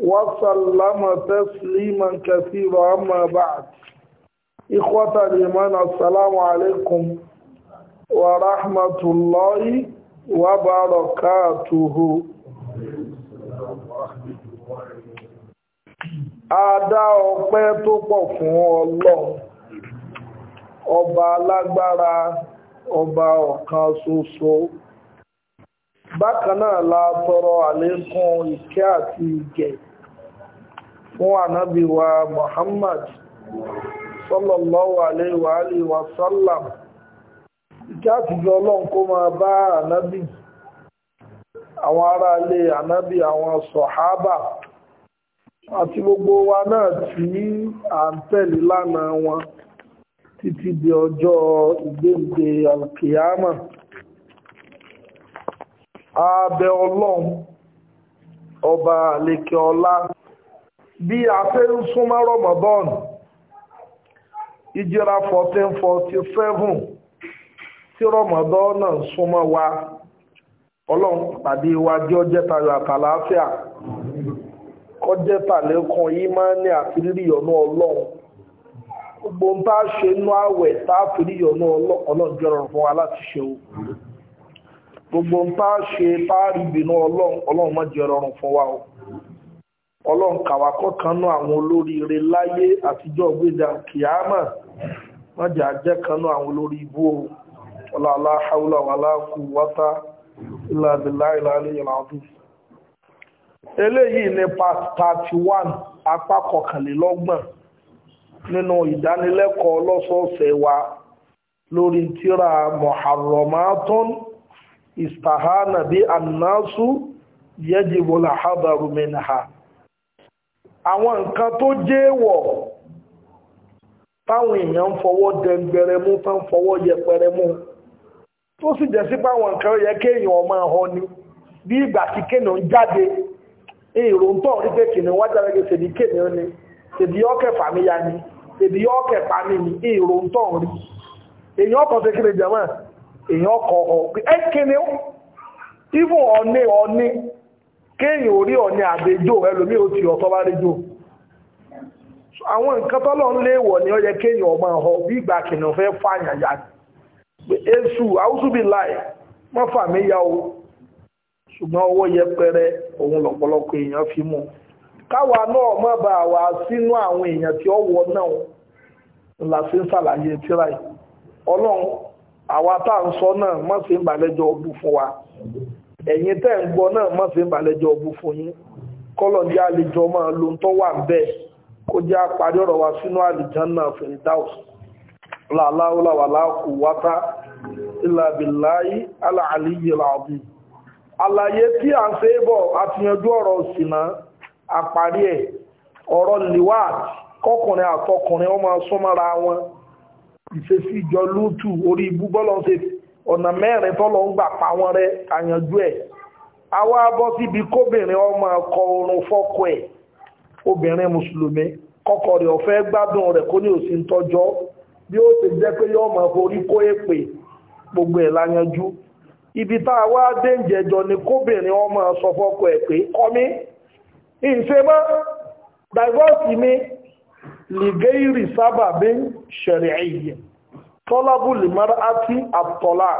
وسلم تسليما كثيرا أما بعد إخوة الإيمان السلام عليكم ورحمة الله وبركاته Adá ọpẹ́ tó pọ̀ fún Ọlọ́run, ọba alágbára, ọba ọ̀kan ṣoṣo. Bákan náà la tọrọ àlékún ìkẹ́ àti ìgẹ̀ fún ànábì wa Muhammad sallallahu alaihi wa alihi wa sallam ìkẹ́ àtijọ́ ọlọ́run kó máa bá ànábì àwọn ará ilé ànábì àwọn sọ̀hábà àti gbogbo wa náà tí à ń tẹ̀lé lánàá wọn títí di ọjọ́ ìgbéǹde alkiyama abẹ ọlọ́run ọba àlekè ọlá bí a fẹ́ ń súnmọ́ Ramadan 1447 tí Ramadan na ń súnmọ́ wa ọlọ́run pàdé wa jẹ́ ọjẹ́ tayọ àtàlàáfíà kọjẹ́ tàlẹ́kùn ìmánì àti ọ̀nà ọlọ́run gbogbo ń bá ṣe inú àwẹ̀ tá a fi ọlọ́run fún gbogbo ń bá ṣe tá a rí ìbínú ọlọ́run ọlọ́run má jẹ́ fún ọlọ́run kàwákọ́ kan náà àwọn olóríire láyé àtijọ́ gbéjà kìámà wọ́n jẹ́ àjẹ́ kan náà àwọn olórí ibú ọlọ́lá haúlá wà láàkú wátá ìlàbìlá ìlàlẹ́ ìlàdù eléyìí ni part 31 apá kọkànlélọ́gbọ̀n nínú ìdánilẹ́kọ̀ọ́ lọ́sọ̀ọ̀sẹ̀ wa lórí tíra muharramatun istahana bí annasu yẹ́jìbọ̀lá habaru minha. ha àwọn nǹkan tó jẹ́wọ̀ táwọn èèyàn fọwọ́ dẹngbẹrẹ mú tán fọwọ́ yẹpẹrẹ mú tó sì jẹ́ sí páwọn nǹkan yẹ kéèyàn ọmọ ni bí ìgbà tí kéèyàn ń jáde èrò ń tọ̀ rí pé ni ni ni èrò ń tọ̀ rí èèyàn ọkọ̀ ṣe kéèyàn orí ọ̀ní àbejò ẹlòmí ò ti ọ̀tọ́ bá réjò àwọn nǹkan tọ́lọ̀ ń léèwọ̀ ni ọ yẹ kéèyàn ọmọ ọ̀họ́ bí ìgbà kìnnà fẹ́ fàyàn yá èsù àwùsùbí láì wọ́n fà yá o ṣùgbọ́n owó yẹpẹrẹ òun lọ̀pọ̀lọpọ̀ èèyàn fi mú káwa náà àwọn èèyàn tí ó wọ náà ń ṣàlàyé tíráì ọlọ́run àwa tá à ń sọ náà ọdún fún wa ẹ̀yin tẹ́ ń gbọ́ náà má fi ń balẹ̀jọ ọ̀bù fún yín kọ́lọ̀ ní àlejò máa lo tó wà ń bẹ́ẹ̀ kó jẹ́ àparí ọ̀rọ̀ wa sínú àlìjánná fèrèdáùs làláwùláwà láàkú wátá ìlàbìláyí aláàlíyè làbí. àlàyé tí à ń ṣe é bọ̀ àtìyànjú ọ̀rọ̀ sìnà àparí ẹ̀ ọ̀rọ̀ liwat kọkùnrin àtọkùnrin ọmọ súnmọ́ra wọn ìṣesí ìjọ lútù orí ibú bọ́lọ́ ń ṣe ọ̀nà mẹ́rin tọ́lọ ń gbà pa wọ́n rẹ́ àyànjú ẹ̀ àwa bọ́ síbi kóbìnrin ọmọ ọkọ oorun fọ́kọ̀ ẹ̀ obìnrin mùsùlùmí kọkọ rẹ̀ ọ̀fẹ́ gbádùn rẹ̀ kó ní òsì ń tọ́jọ́ bí ó ti jẹ́ pé yọ́ mọ̀ forí kó èpè gbogbo ẹ̀ láyanjú ibi tá a wá dé ni kóbìnrin ọmọ sọ fọ́kọ̀ ẹ̀ pé kọ́ mi ìṣe mọ́ divorce mi lìgẹ́rì sábà bí ṣẹ̀rẹ̀ ẹ̀yẹ̀ tọ́lábù lè mara àti àtọ́lá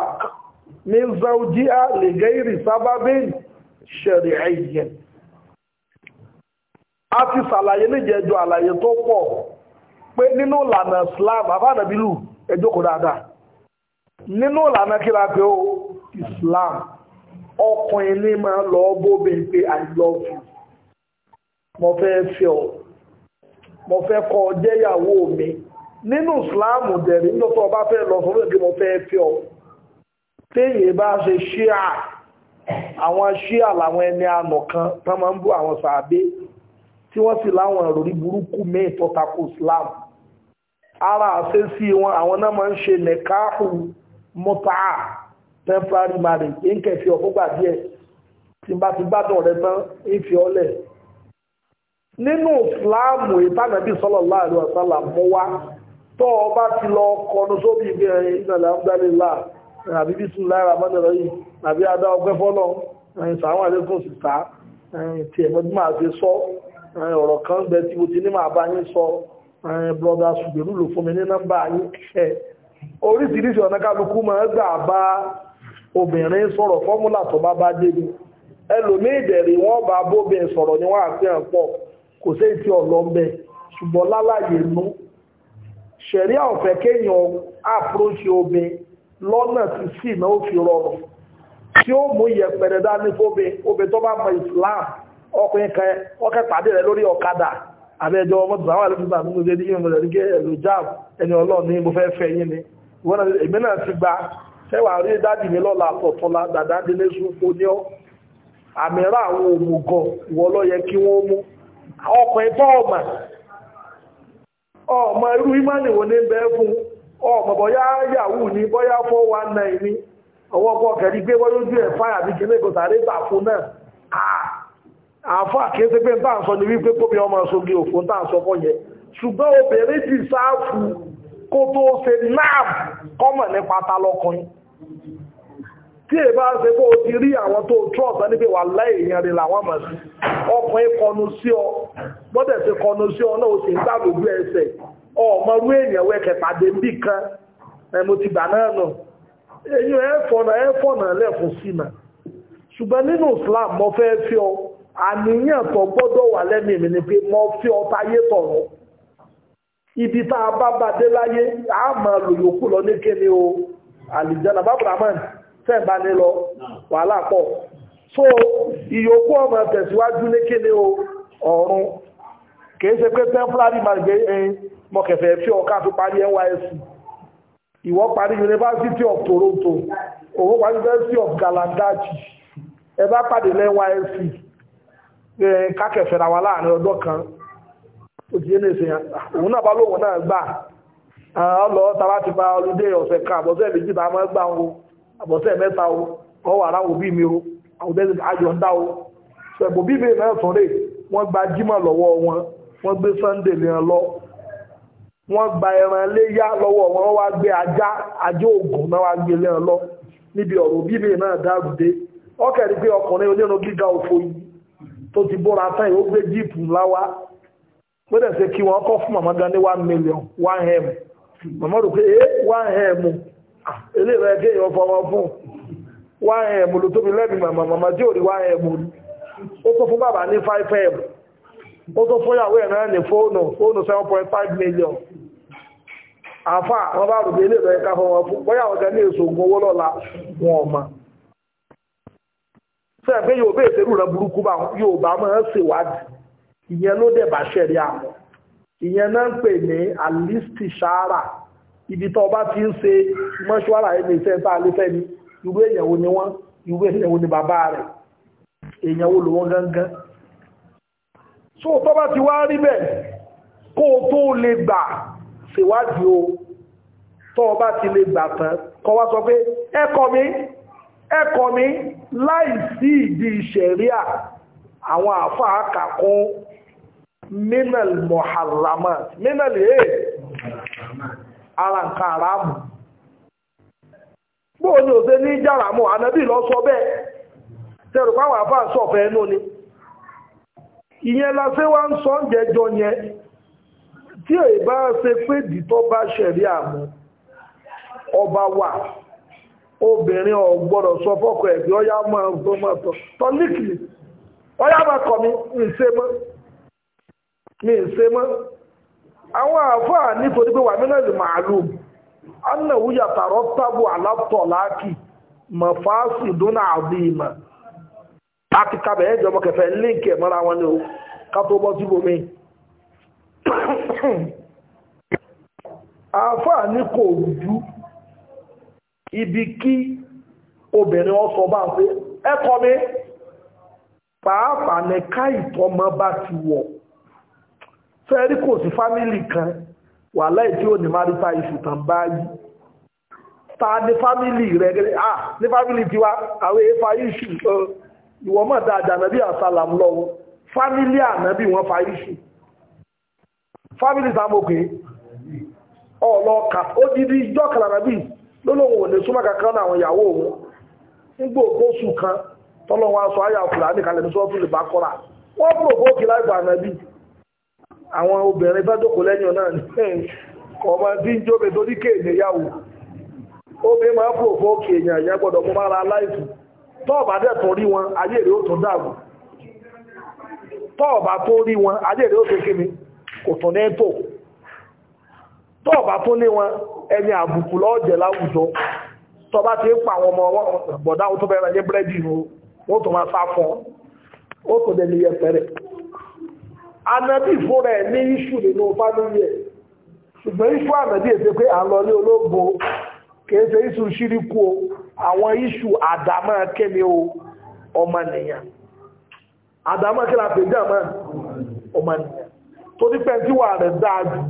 ní zaujia lè gẹ́rì sábábé ṣẹ̀rì ẹ̀yẹ a ti sàlàyé ní jẹjọ àlàyé tó pọ̀ pé nínú ìlànà Islam abánàbílù ẹjọ́ kò dáadáa nínú ìlànà kí lápẹ́ o Islam ọkùnrin ní máa lọ bóbe pé I love you mo fẹ́ fẹ́ ọ mo fẹ́ kọ́ jẹ́yàwó mi nínú ìsìláàmù dẹ̀rí nítorí ọba fẹ́ lọ sọ́rọ̀ èdè mo fẹ́ fi ọ téèyàn bá ṣe ṣíà àwọn ṣíà làwọn ẹni ànà kan tó máa ń bú àwọn sàábé tí wọ́n sì láwọn ìròrí burúkú míì tó tako islam ara àṣẹ sí wọn àwọn náà máa ń ṣe nìkáàkù mọ́tà temporary marriage ń kẹfì ọ̀fọ́gbà díẹ̀ tí bá ti gbádùn rẹ tán ń fi ọlẹ̀ nínú ìsìláàmù ìtànàbí sallallahu alaihi wasallam tó o bá ti lọ kọnu sóbi ìgbé ẹ̀yìn ìgbàlá ń dálé láà àbí bísú lára mọ́tẹ̀lọ́ yìí àbí adá ọgbẹ́ fọ́lọ́ ẹ̀yìn sàwọn àlékún sì ta ẹ̀yìn tí ẹ̀mọ́ tí máa ṣe sọ ẹ̀yìn ọ̀rọ̀ kan bẹ tí mo ti ní máa bá yín sọ ẹ̀yìn brọ́dà ṣùgbẹ́rù ló fún mi ní nọ́mbà yín ẹ̀ oríṣiríṣi ọ̀nà kálukú máa ń gbà bá obìnrin sọ̀rọ̀ fọ́múlà tó bá bá dé ni ẹlòmíì dẹ̀rẹ̀ wọ́n bá bóbin sọ̀rọ̀ ni wọ́n ṣẹ̀ríà ò fẹ́ kéèyàn àpòròṣì omi lọ́nà tí sì náà ó fi rọrùn tí ó mú iyẹ̀pẹ̀rẹ̀ dání fóbe obe tó bá mọ Islam ọkùnrin kan ọkẹ́ pàdé rẹ̀ lórí ọ̀kadà àbẹ́jọ ọmọ tó àmúgbò ẹ̀lú ẹni ọlọ́ọ̀ni mo fẹ́ fẹ́ yín ni èmi náà ti gba ṣẹ́wà rí mi lọ́la dàdá ní ọ́ àmì rà àwọn òmùgọ̀ yẹ kí wọ́n mú ọ irú ìmánì wò ní bẹ́ẹ̀ fún ọmọ ọ yahoo ní ya 419 ní ọwọ́ ọkọ̀ kẹ̀rí gbé wọ́n lójú ẹ̀ fáyà bí kìíní kò sáré gbà fún náà àfọ́ àkíyèsí pé tá à ń sọ ní wípé kóbi ọmọ sóge òfò yẹ ṣùgbọ́n obìnrin ti ta tí èbá ṣe kó o ti rí àwọn tó trust ẹni pé wà láìyàn rẹ̀ làwọn mọ̀ sí ọkùnrin kọnu sí ọ gbọ́dẹ̀ ti kọnu sí ọ náà ó sì ń gbà lójú ẹsẹ̀ ọmọrú èèyàn wẹ́kẹ̀ pàdé níbì kan ẹ̀mú ti gbà náà nù èyí ẹ fọ̀nà ẹ fọ̀nà lẹ́fún sí mà ṣùgbọ́n nínú Islam mo fẹ́ fi ọ àníyàn tó gbọ́dọ̀ wà lẹ́nu èmi ni pé mo fi ọ táyé tọ̀rọ̀ ibi tá a bá bàdé láyé àmọ́ lòyòkù lọ ní kéde o àlìjánà bàbá rahman tẹ́ẹ̀bá ní lọ wàhálà pọ̀ so ìyókù ọmọ tẹ̀síwájú ní kéde ọ̀run kìí ṣe pé temporary marriage eh, mọ̀kẹ̀fẹ̀ fi ọ̀ká fi parí NYSC ìwọ parí University of Toronto òwò parí University of Galandachi ẹ bá pàdé ní NYSC kákẹ̀fẹ̀ ra wa láàrin ọdún kan ó ti yé ní ìsìn òun náà bá lóun náà gbà ọlọ́ọ̀ta bá ti bá ọlọ́dẹ ọ̀sẹ̀ kan àbọ̀sẹ̀ méjì bá máa gbà wọn àbọ̀sẹ̀ mẹ́ta o kọ́ wàrà mi o àwùjọ ayọ̀ ń dá o ṣẹ̀bù bíbí mẹ́sàn-án rè wọ́n gba jímọ̀ lọ́wọ́ wọn wọ́n gbé sunday lọ wọ́n gba ẹran léyà lọ́wọ́ wọn wọ́n wá gbé ajá ajá ògùn náà wá gbé lẹ́yìn lọ níbi ọ̀rọ̀ na náà dáàbò dé ọkẹ́rì pé ọkùnrin onírun gíga yìí tó ti tán gbé jíìpù kí wọ́n kọ́ fún màmá gan m màmá rò pé one m ilé rẹ̀ kéèyàn fọwọ́ fún ym ló tóbi lẹ́bi màmá màmá tí ò rí ym rí ó tó fún bàbá ní 5m ó tó fún ìyàwó ẹ̀ náà ní fóònù fóònù 7.5 million àfà wọn bá rògbé ilé rẹ̀ ká fọwọ́ fún bóyá àwọn kan ní èso ògùn owó lọ́la wọn ọ̀ma sẹ́yìn pé yóò bẹ́ẹ̀ sẹ́rù rẹ̀ burúkú bá yóò bá máa ń ṣèwádìí ìyẹn ló dẹ̀ bá ṣẹ̀rí àmọ́ ìyẹn náà ń pè ní alisti ibi tó bá ti ń ṣe mọ́ṣúárà ẹni iṣẹ́ tá a lè fẹ́ ni irú èèyàn ni wọ́n irú èèyàn ni bàbá rẹ̀ èèyàn wo lòun so tó bá ti wá rí bẹ́ẹ̀ kó o tó lè gbà ṣèwádìí o tó o bá ti lè gbà tán kó wá sọ pé ẹ̀kọ́ mi ẹ̀kọ́ mi láì sí ìdí ìṣẹ̀ríà àwọn àáfàá kà mínàlì mọ̀hàlámà mínàlì èè. ara nǹkan àràmù bóò ni òṣè ní jàràmù ànábì lọ sọ bẹ́ẹ̀ tẹ̀rù páwọn àbá sọ̀fẹ́ ẹnu ni ìyẹn la ṣe wá ń sọ oúnjẹ jọ yẹn tí èyí bá ṣe bá ṣẹ̀rí àmú ọba wà obìnrin ò gbọ́dọ̀ sọ fọkọ ẹ̀bí ọyá máa ń gbọ́ máa tọ́ tọ́líkì ọyá máa kọ̀ mí ń ṣe mọ́ mi ń se mọ́ àwọn àfáà nítorí pé wà mílẹ̀lì màálù annahu yàtàrọ tábù alátọ̀láàkì mọ̀fáàsì dúnà àbí ìmọ̀ láti kábẹ̀ ẹjọ́ mọ́ kẹfẹ́ líǹkì ẹ̀mọ́ra wọn ni ó kátó bọ́ sí bomi àfáà ní kò rújú ibi kí obìnrin bá ń pé mi ti wọ̀ fẹ́rí kò sí fámílì kan wà láì tí ó ní máríta ìṣùtàn báyìí ta ni fámílì rẹ̀ gẹ́gẹ́ à ní fámílì tiwa àwọn efa iṣu ìwọ mọ̀ dáadáa nàbí àsálàm lọ́wọ́ fámílì ànábì wọn fa iṣu fámílì sàmókè ọlọ́ọ̀ka odidi súnmọ́ kankan àwọn ìyàwó òun nígbà òkóṣù kan aṣọ ayà kalẹ̀ ní wọ́n àwọn obìnrin bá jókòó lẹ́yìn náà ní ọmọ tí ń jóbe tó díkè níyàwó omi máa fò fókè èèyàn èèyàn gbọ́dọ̀ mú mára láìsù tọ́ọ̀bà dẹ̀ tó rí wọn ayé rẹ̀ ó tún dàgbù tọ́ọ̀bà tó rí wọn ayé rẹ̀ ó tún kí ni kò tún ní tò tọ́ọ̀bà tó ní wọn ẹni àbùkù lọ́ọ̀jẹ̀ láwùjọ tọba ti ń pa àwọn ọmọ bọ̀dá ó tó bẹ̀rẹ̀ ní búrẹ́dì ó tó máa sá fún ó tó dẹ̀ ní yẹpẹrẹ anabi fúnra ẹ̀ ní iṣu nínú fámílì ẹ̀ ṣùgbọ́n iṣu anabi èsè pé à ní ológun kìí iṣu ṣíríkù o àwọn iṣu o àdámọ́ tó ní pẹ́ntí wà rẹ̀ dáadù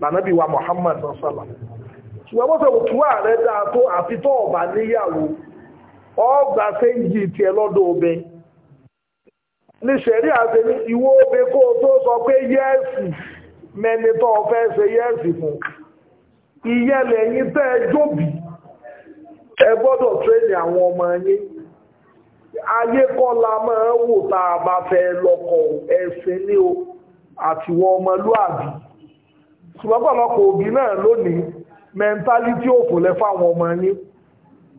lànàbí wa Muhammad sọ́sọ́lá ṣùgbọ́n wọ́n sọ̀rọ̀ tí wà rẹ̀ dáa tó ọ̀bà níyàwó ọgbà sẹ́yìn tiẹ̀ lọ́dọ̀ obìnrin ní ṣẹ̀rí àti ní ìwó obe kó tó sọ pé yẹ́ẹ̀sì mẹ́ni tó fẹ́ ṣe yẹ́ẹ̀sì fún ìyẹ́lẹ̀ yín tẹ́ jóbi ẹ gbọ́dọ̀ tírẹ́nì àwọn ọmọ yín ayé kọ́ la máa ń wò tá a bá fẹ́ lọ́kọ̀ ẹ̀sìn ní o àtiwọ́ ọmọlúàbí ṣùgbọ́n pọ̀lọpọ̀ òbí náà lónìí mẹ́ńtálítì òfò lẹ́fọ́ àwọn ọmọ yín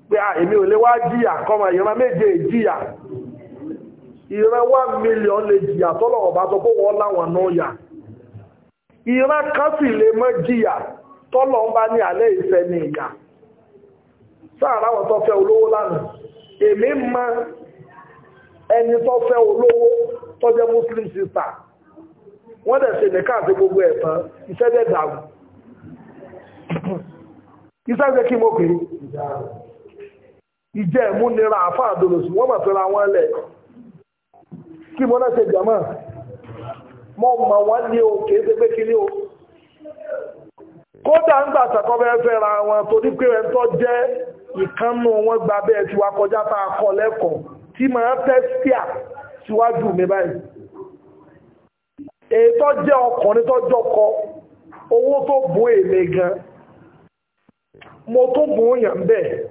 pé èmi ò lè wá jìyà kọ́mọ ìran méje jìyà ìran one million lè jìyà tọ́lọ̀ ọ̀bá sọ pé wọ́n láwọn náà yà ìran kan sì lè mọ́ jìyà tọ́lọ̀ ń bá ní alẹ́ ìfẹ́ ní ìyà sáàrà àwọn tó fẹ́ olówó lánàá èmi mọ ẹni tó fẹ́ olówó tó jẹ́ muslim sister wọ́n dẹ̀ ṣe nìkan àti gbogbo ẹ̀tàn iṣẹ́ dẹ̀ dàrú iṣẹ́ jẹ́ kí mo pè é ìjẹ́ ìmúnira àfáàdolòsì wọ́n mọ̀ fẹ́ra wọn lẹ̀ kí mo náà ṣe jàmọ́ mọ́ ma wá ní o kìí ṣe pé kí ní o kódà ń gbà sàkọ́bẹ̀ẹ́ fẹ́ ra wọn torí pé ẹ̀ ń tọ́ jẹ́ ìkánnù wọn gba bẹ́ẹ̀ tí wà kọjá tá a kọ lẹ́kọ̀ọ́ tí máa tẹ́síà síwájú mi báyìí èyí tó jẹ́ ọkùnrin tó jọkọ owó tó bú èmi gan mo tún bú yàn bẹ́ẹ̀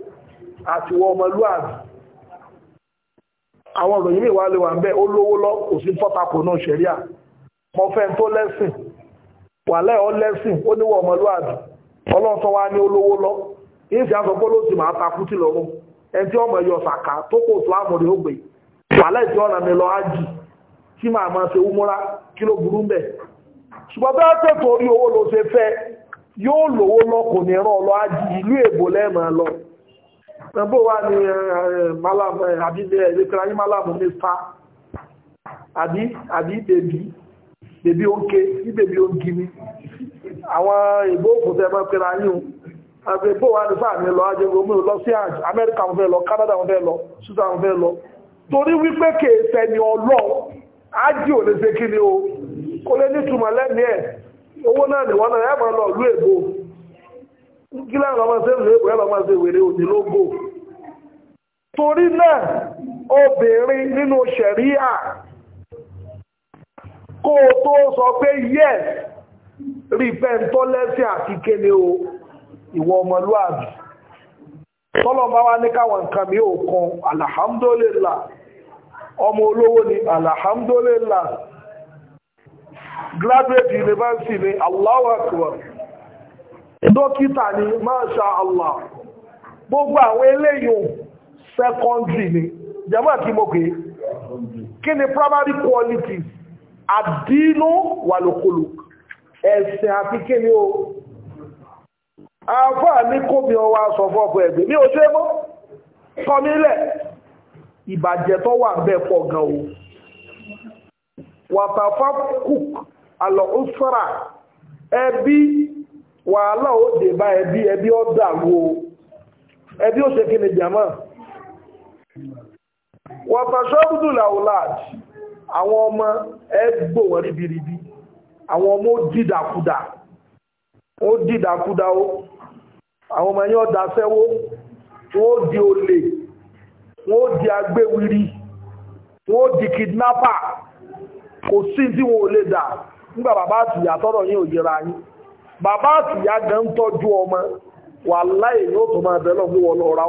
àti wọ ọmọlúwàbí àwọn ìròyìn ìwà lè wà ń bẹ́ ó lówó lọ kò sí fọ́tàkù náà ṣẹ̀ríà mọ fẹ́ tó lẹ́sìn wàlẹ́ ọ lẹ́sìn ó níwọ̀ ọmọlúwàbí ọlọ́ọ̀tọ́ wa ní olówó lọ ìsì àsọpọ̀ ló ti máa takú tí lọ́rùn ẹni tí ọmọ ẹ̀yọ sàkà tó kò tó àmọ̀rẹ́ ó gbé wàlẹ́ tí ọ̀nà mi lọ ájì tí màá máa ṣe úmúra kí ló burú mbẹ̀ ṣùgbọ́n bẹ́ẹ̀ tó torí owó ló ṣe fẹ́ yóò lówó lọ kò ní rán ọ lọ ájì ìlú èbó lẹ́ẹ̀mọ́ lọ bó wà ní malamu àbí ẹ̀lẹ́kọ̀ọ́ ayé malamu mista àbí àbí bèbí bèbí oúnjẹ sí bèbí oúnjẹ ni àwọn ìbò òkùnfẹ́ mọ́ pẹ̀lú ayé òun àbí bó lọ ajẹ́gbọ́n mú lọ sí àjò lọ canada sudan torí wípé ni kí láwọn ọmọ ṣe lè bóyá ọmọ ṣe wèrè òní lógo torí náà obìnrin nínú ṣẹ̀ríà kó o tó sọ pé yes rìpẹ́ntọ́lẹ́sì àti o ìwọ ọmọlúàbí tọ́lọ́mbá wá ní káwọn nǹkan mi ò kan alhamdulillah ọmọ olówó ni alhamdulillah graduate university ni Allah Akbar dókítà ni masha allah gbogbo àwọn eléyìí secondary ni jẹ́mọ́ kí mo pè kí ni primary qualities àdínú wà lókòlò ẹ̀sìn àti kí ni o àfáà ní kóbi ọwọ́ aṣọ fọ́fọ́ ẹ̀gbẹ́ ní oṣù ẹgbọ́ kọ́ nílẹ̀ ìbàjẹ́ tó wà bẹ́ẹ̀ pọ̀ gan o wàtàfà cook alọ́ òṣùra ẹbí wàhálà ó dé bá ẹbí ẹbí ó dàrú o ẹbí ó ṣe kí ni jàmọ́ wàtàṣọ́bùdù làwùláàjì àwọn ọmọ ẹgbò wọn ríbiríbi àwọn ọmọ ó dìdàkudà ó dìdàkudà ó àwọn ọmọ yẹn ó daṣẹ́wó wọ́n ó di olè wọ́n ó di agbéwiri wọ́n ó di kidnapper kò sí tí wọ́n ò lè dà nígbà bàbá àtìyà tọ́rọ̀ yín ò yẹra yín bàbá àtìyá gan tọ́jú ọmọ wà láì yóò tó máa bẹ̀rẹ̀ lọ́wọ́ wọn ọ̀rọ̀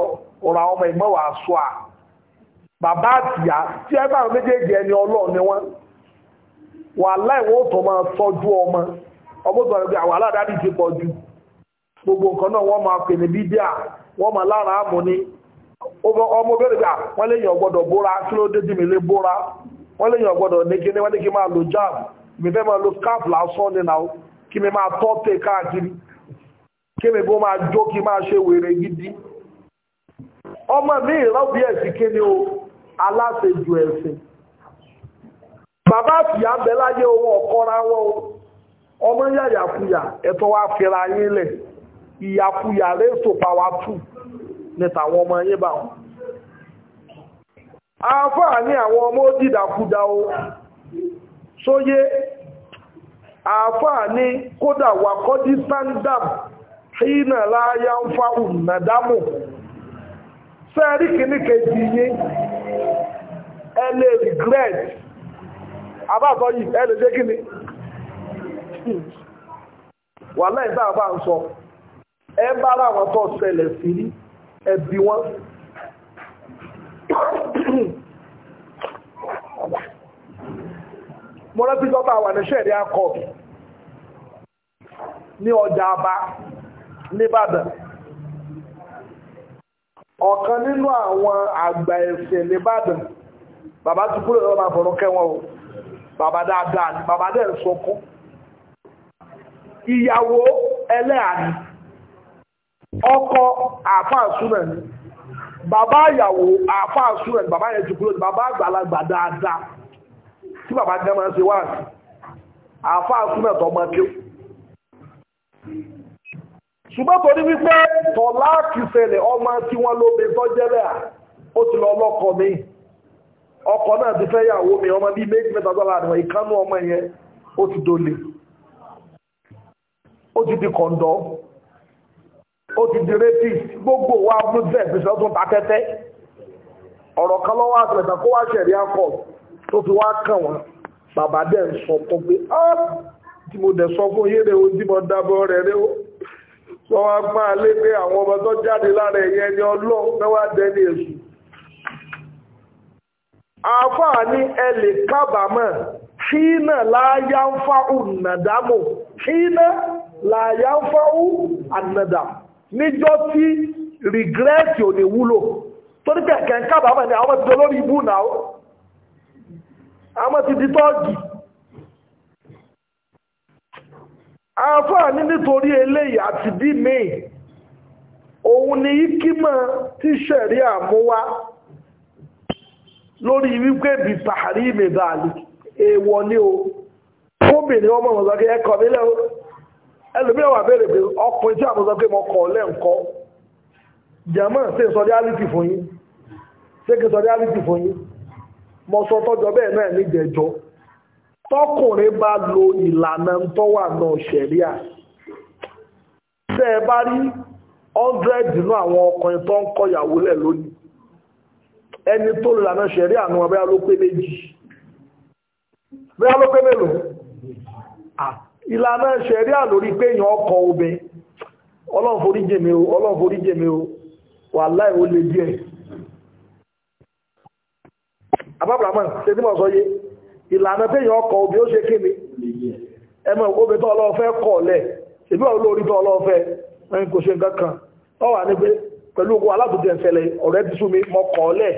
ọmọ ìmọ̀ wà sọ à bàbá àtìyá tí ẹ bá àwọn méjèèjì ẹni ọlọ́ọ̀ ni wọ́n wà láì wọ́n tó máa tọ́jú ọmọ ọmọ tó àwọn aládàáni ti pọ̀ gbogbo nǹkan náà wọ́n máa pè ní wọ́n máa lára àmú ni ọmọ bẹ̀rẹ̀ wọ́n lè yàn gbọ́dọ̀ bóra kí ló dé lé kí mi máa tọ́tẹ̀ káàkiri kí mi bó máa jó kí máa ṣe wèrè gidi ọmọ mi ìrọ́bí ẹ̀sìn kí ni o aláṣejù ẹ̀sìn bàbá àfìyà bẹ láyé owó ọ̀kọ́ra wọn o ọmọ yàyàkuyà ẹ̀tọ́ wa fira yín lẹ̀ ìyàkuyà rẹ́sò pàwà tù ní tàwọn ọmọ yín bá wọn àǹfààní àwọn ọmọ ó dìdàkudà o sóyé àáfàá ní kódà wàkọ́dí sándàm hínà láyá ń fa ònàdámù sẹ́ẹ̀rí kìíní kejì yín ẹ lè regret àbáàtọ̀ yìí ẹ lè dé kíni wà lẹ́yìn tá a bá ń sọ ẹ bá ara àwọn tó ṣẹlẹ̀ sí ẹbí wọn mo rántí sọ́tà wà ní sẹ́ẹ̀rí akọ́ọ̀bù ní ọjà àbá nìbàdàn ọ̀kan nínú àwọn àgbà ẹ̀sìn nìbàdàn bàbá ti kúrò lọ́wọ́ máa fọ̀rọ̀ kẹwọn o bàbá dáadáa ni bàbá dẹ̀ ń sọkún ìyàwó ẹlẹ́àní ọkọ àfáàsúnà ni bàbá ìyàwó àfáàsúnà ni bàbá yẹn ti kúrò ní bàbá àgbàlagbà dáadáa tí bàbá gan máa ń ṣe wáàsí afọ súnmọ̀ tó mọ́ kí ó ṣùgbọ́n tó ní wípé tọ̀lá kìsẹ̀lẹ̀ ọmọ tí wọ́n ló bẹ tọ́jẹ́lẹ̀ mi ọkọ náà ti fẹ́ mi ọmọ bíi méjì mẹ́ta dọ́là àdìmọ̀ ìkánú ọmọ yẹn ó ti dolè ó ti di kọ̀ǹdọ́ ó di gbogbo wa ṣe ọ̀rọ̀ kan lọ́wọ́ àtẹ̀lẹ̀ta kó tó fi wá kàn wọ́n bàbá dẹ̀ ń sọ tó pé ọ́ tí mo dẹ̀ sọ fún yéèrè o tí mo dábọ̀ rẹ̀ rẹ̀ o sọ wá pa á pé àwọn ọmọ tó jáde lára ẹ̀yẹ ni ọlọ́run fẹ́ wá dẹ́ ní èṣù àáfàá ní ẹ lè kábàámọ̀ ṣínà láyá ń fáwù nàdámù ṣínà láyá ń fáwù ànàdà níjọ́ tí rìgírẹ́tì ò ní wúlò torí pé kẹ̀ ń kábàámọ̀ ni àwọn ti dolórí ibú náà àmọ́ ti di tọ́ọ̀gì àfáàní nítorí eléyìí àti bí mìí òun ni ikímọ̀ tí sẹ̀rí àmúwá lórí wípé bí tààrí ìmẹ̀bàlì èèwọ̀ ni o fóbìnrin ọmọ ìmọ̀sọ́kẹ́ ẹkọ̀ nílẹ̀ o ẹlòmí ọwà bẹ̀rẹ̀ pé ọkùnrin tí àmọ́sọ́kẹ́ mọ́ kọ̀ lẹ́ǹkọ́ jẹ́mọ́ sí sọ reality fún yín sí kí sọ reality fún yín mo sọ tọ́jọ́ bẹ́ẹ̀ náà níjẹ̀jọ́ tọkùnrin bá lo ìlànà tó wà náà ṣẹ̀ríà tẹ́ ẹ bá rí hundred nínú àwọn ọkùnrin tó ń kọ lẹ̀ lónìí ẹni tó lànà ṣẹ̀ríà nù abẹ́yà ló pé méjì bẹ́ẹ̀ ló mélòó ìlànà ṣẹ̀ríà lórí pé èèyàn ọkọ obìnrin ọlọ́run forí jèmi o ọlọ́run forí jèmi o wàláì ó díẹ̀ ababrahman ṣe tí sọ yé ìlànà téèyàn ọkọ̀ obi ó ṣe kí ni ẹmọ òbí tó ọlọ́ọ̀fẹ́ kọ̀ lẹ̀ ṣèbí ọ̀ lórí tó ọlọ́ọ̀fẹ́ ẹni kò ṣe nǹkan kan ọ wà ní pé pẹ̀lú ọ̀rẹ́ ti mi kọ̀ lẹ̀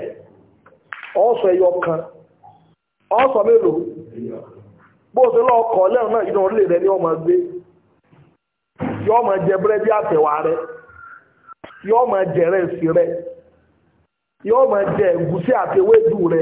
ọ̀sọ̀ kan ọ̀sọ̀ mélòó bó ṣe lọ́ọ̀ kọ̀ náà orílẹ̀ rẹ ni ọmọ gbé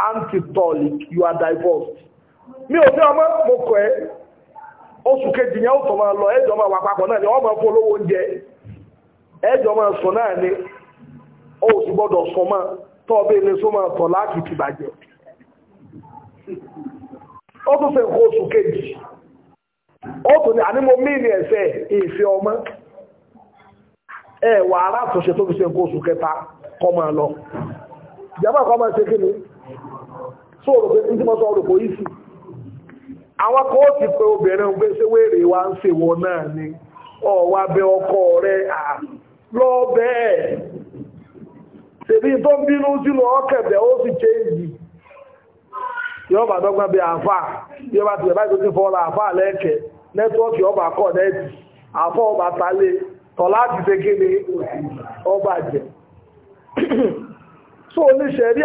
anti anti-tolic you are divorced mi ò ọma ọmọ mo kọ ẹ oṣù kejì yẹn ó tọ́ máa lọ ẹjọ́ máa wà papọ̀ náà ni wọ́n máa fún oúnjẹ ẹjọ́ máa sùn náà ni ó sì gbọ́dọ̀ sọ máa tọ́ ọbẹ̀ ilé sọ máa tọ̀ láti ti bàjẹ́ ó tún fẹ́ oṣù kejì ó tún ní àní mo mí ní ẹ̀fẹ́ ìfẹ́ ọmọ wà aláàtúnṣe tó fi ṣe oṣù kẹta kọ́ máa lọ máa ṣe sọ rò pé tí mo sọ rò àwọn ti pé obìnrin pé wa ń ṣèwọ náà ni ọ̀wà bẹ ọkọ rẹ̀ à lọ bẹ́ẹ̀ tó ń bínú sínú ọkẹ̀bẹ̀ ó sì chéǹjì yóò bá dọ́gbọ́n bí àfà yóò tìlẹ̀ báyìí tó ti fọ́ọ́lá àfà lẹ́ẹ̀kẹ́ nẹ́tíwọ́ọ̀kì ọba kọ̀ nẹ́ẹ̀tì àfọ́ ọba talé tọ́lá ti ṣe ọba so oníṣẹ́rí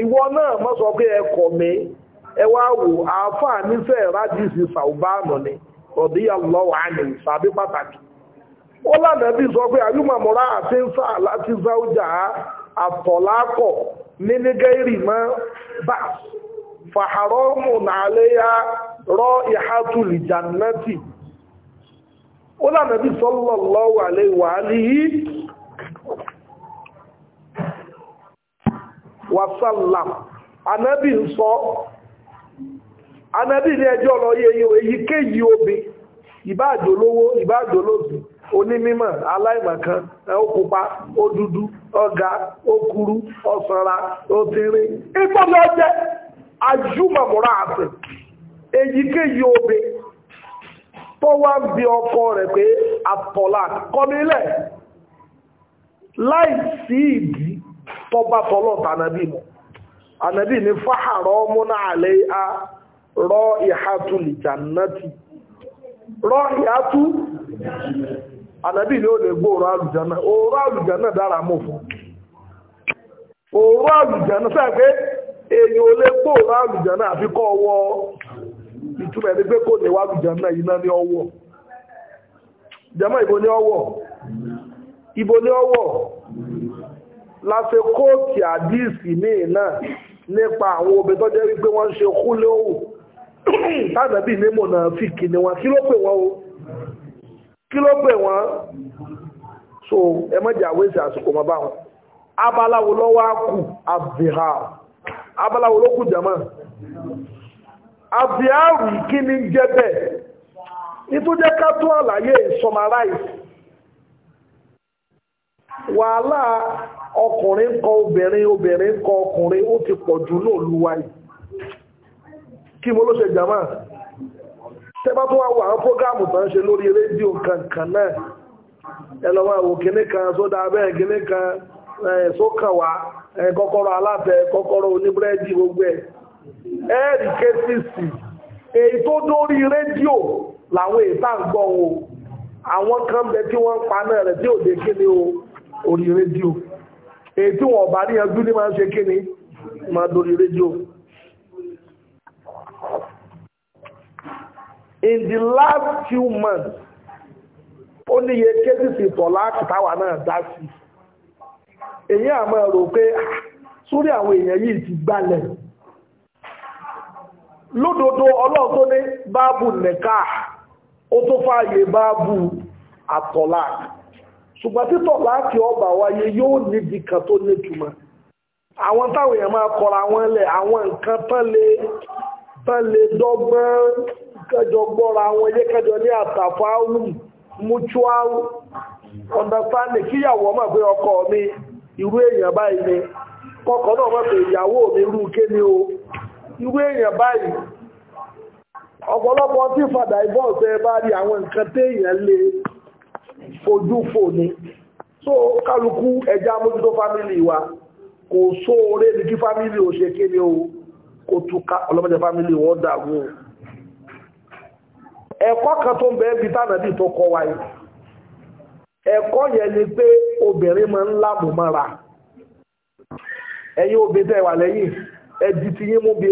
ìwọ náà mọ́ sọ pé ẹkọ̀ mi ẹ wò àáfàá nífẹ̀ẹ́ rájísì sàùbáàmù ni ọ̀díyà lọ́wọ́ àmì sàbí pàtàkì ó lànàbí sọ pé àyùmọ̀mọ́ra àti ń sà láti záújà àtọ̀lákọ̀ ní nígẹ́rì mọ́ bá fàhàrọ́mù nàléyà rọ ìhátùlì jannati ó lànàbí sọ́lọ́lọ́wọ́ àlẹ́ wàálì wasallam anabi ń sọ anabi ní ẹjọ́ lọ yẹyẹ èyíkéyìí obì ìbáàjò lówó ìbáàjò lòdì onímímọ̀ aláìmọ̀kan ọkùpa odúdú ọ̀gá okuru ọ̀sànra obìnrin ìpọ́nlẹ̀ ọjẹ́ ajúmọ̀mọ́ra àtẹ̀ èyíkéyìí obì tó wá ń bi ọkọ rẹ̀ pé àtọ̀là kọ́mílẹ̀ láì sí ìdí tọ́ba anabini. tànàbí mu ànàbí a rọ ihatu rọ ihatu ànàbí ni ó lè gbọ́ òrò àlùjànà òrò àlùjànà dára mọ́ fún òrò àlùjànà sẹ́gbẹ́ èèyàn ò lè gbọ́ òrò ọ àfikọ́ ọwọ́ kò ní wá yìí na ní láti kóòtì àdíìsì míì náà nípa àwọn obìnrin tó jẹ́ wípé wọ́n ń ṣe kúlé òwò tàbí ní mọ̀nà fìkì ni wọn kí ló pè wọ́n o kí ló pè wọ́n so ẹ mọ̀jà wẹ́sì àsìkò mọ́ bá wọn abaláwo lọ́wọ́ á kù àbíhà abaláwo ló kù jẹ́mọ́ àbíhà rì kí ni jẹ́ bẹ́ẹ̀ ìtújẹ́ ká tún àlàyé ìsọmaráìsì wàhálà ọkùnrin kọ obìnrin obìnrin kọ ọkùnrin ó ti pọ̀ jù náà wa yìí kí mo ló ṣe jàmá tẹ́bá tó wá wà á prógámù tán ṣe lórí rédíò kankan náà ẹlọ́wọ́ àwò kìíní kan sódà abẹ́ kìíní kan sókànwá kọ́kọ́rọ́ alátẹ kọ́kọ́rọ́ oníbúrẹ́dì gbogbo ẹ̀ ẹ́ẹ̀rì kẹ́sìsì èyí tó dórí rédíò làwọn èyí tá à ń gbọ́ wọn àwọn kan bẹ tí wọ́n ń paná rẹ̀ tí ò dé kíni o orí rédíò Etu tí wọ́n ní ẹgbú ní máa ń ṣe kíni máa rédíò in the last few months ó níye kéjìsì tọ̀lá kìtàwà náà dá sí èyí àmọ́ ẹ̀rọ pé ah, sórí àwọn èèyàn yìí ti gbalẹ̀ lódodo ọlọ́run tó ní báàbù ṣùgbọ́n títọ̀ láti ọba wáyé yóò níbi kan tó nítumọ̀ àwọn táwọn èèyàn máa kọra wọn lẹ̀ àwọn nǹkan tán lè tán lè dọ́gbọ́n kẹjọ gbọ́ra wọn yé kẹjọ ní àtàfà wù mutual understanding ọkọ mi irú èèyàn báyìí o irú èèyàn báyìí ọ̀pọ̀lọpọ̀ tí fàdà ìbọ̀ ọ̀sẹ̀ bá rí àwọn nǹkan fojú fò ní so kálukú ẹja mójútó fámílì wa kò sóore ní kí fámílì ò ṣe o kò túká ọlọ́mọdé fámílì wọ́n dààmú o ẹ̀kọ́ kan tó bẹ̀ẹ́ bí tánàbí tó kọ wa yìí ẹ̀kọ́ yẹn ni pé obìnrin máa ń mọ́ra obìnrin wà lẹ́yìn ẹ̀dì yín mú bí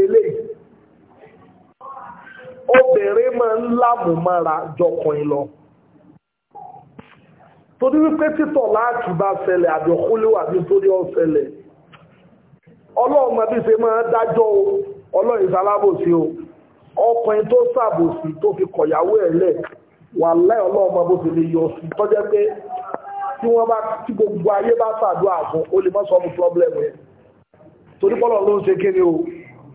obìnrin máa ń lọ. torí wípé títọ̀ láàkì bá ṣẹlẹ̀ àbí òkúlẹ̀ àbí torí ọ̀ṣẹlẹ̀ ọlọ́run mọ̀ bí ṣe máa dájọ́ o ọlọ́run ìsalábòsí o ọkùnrin tó ṣàbòsí tó fi kọ̀yàwó ẹ̀ lẹ̀ wà láì ọlọ́run mọ̀ bó ṣe lè yọ sí tọ́jẹ́ pé tí wọ́n bá tí gbogbo ayé bá ṣàdúrà fún ó lè má sọ fún pọ́blẹ́mù yẹn torí pọ́lọ̀ ló ń ṣe kéde o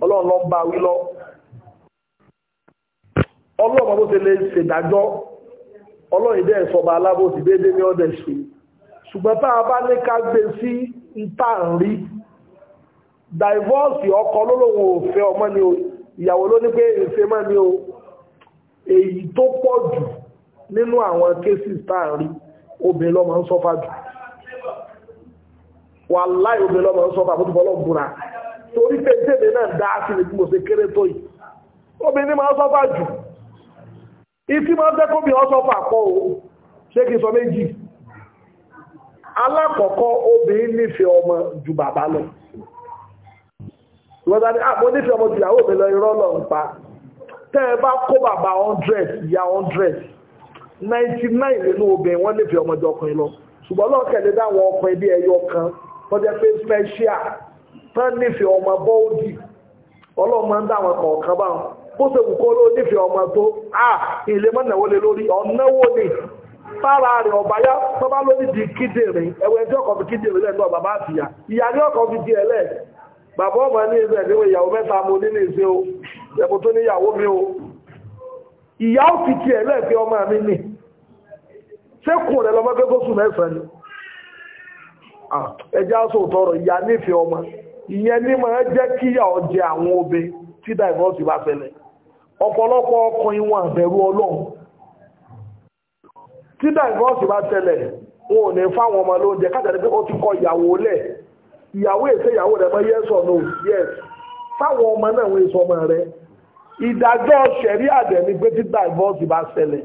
ọlọ́run ló ń bá wí lọ ọlọ́run mọ̀ bó ṣe lè ṣèdájọ́ ọlọ́run dẹ́ sọba alábòsí déédéé ní ọ̀dẹ̀ ṣe ṣùgbọ́n tá a bá ní ká gbé sí ìta ń rí dàìvọ́ọ̀sì ọkọ lólóhùn òfẹ́ ọmọ ni o ìyàwó ló ní pé èsè mọ́ ni o èyí tó pọ̀ jù nínú àwọn kéésì tá à ń rí obìnrin lọ́mọ ń sọ́fà jù wàláì obìnrin lọ́mọ ń sọ́fà bó ti bọ́ lọ́gbùnra torí pé tèmi náà dá sí ni bí mo ṣe kéré tó yìí obìnrin máa ń sọ́fà jù ìtí máa tẹ́kọ́ bí ọ́sọ́ pàpọ̀ o ṣé kí sọ méjì alákọ̀ọ́kọ́ obìnrin nífẹ̀ẹ́ ọmọ ju bàbá lọ lọ́dá ní àpò ah, nífẹ̀ẹ́ ọmọ ju ìyàwó mi lọ irọ́ lọ ń pa tẹ́ ẹ bá kó bàbá 100 ìyá 100 99 nínú obìnrin wọ́n nífẹ̀ẹ́ ọmọ ju ọkùnrin lọ ṣùgbọ́n lọ́kẹ̀lẹ́ dáwọn ọkùnrin bí ẹyọ kan wọ́n jẹ́ pé special tán nífẹ̀ẹ́ ọmọ bọ́ọ̀dì ọlọ́mọ ń dáwọn kọ̀ọ̀kan bó ṣe wù kó ló nífẹ̀ẹ́ ọmọ tó à ilé mọ́nàwó lé lórí ọ̀nàwó ni fara rẹ̀ ọ̀báyá tó bá lórí di kíndìnrín ẹ̀wọ̀n ẹjọ́ ọkọ̀ fi kíndìnrín lẹ́nu ọ̀ bàbá àtìyà ìyá ní ọkọ̀ fi di ẹ̀lẹ́ bàbá ọmọ ní ìṣẹ́ ìdíwọ̀ ìyàwó mẹ́ta mo ní ní ìṣẹ́ o ẹ̀kọ́ tó níyàwó mi o ìyá ó fi ti ẹ̀lẹ́ fi ọmọ mi nì ṣé kùn rẹ̀ lọ́mọ pé kó sùn mẹ́sàn-án ni ẹjá sòótọ́ ọ̀rọ̀ ìyá nífẹ̀ẹ́ ọmọ ìyẹn ní máa jẹ́ kíyà ọjẹ́ àwọn obìnrin tí divorce bá ṣẹlẹ̀ ọ̀pọ̀lọpọ̀ ọkùnrin wọn àbẹ̀rù ọlọ́run tí dàgbọ́sì bá tẹ̀lẹ̀ wọn ò ní fáwọn ọmọ lóúnjẹ kájàdé pé ó ti kọ ìyàwó lẹ̀ ìyàwó èsè ìyàwó rẹ̀ mọ́ yes or no yes fáwọn ọmọ náà wọ́n èso ọmọ rẹ̀ ìdájọ́ ṣẹ̀rí àdẹ̀ ni pé tí dàgbọ́sì bá tẹ̀lẹ̀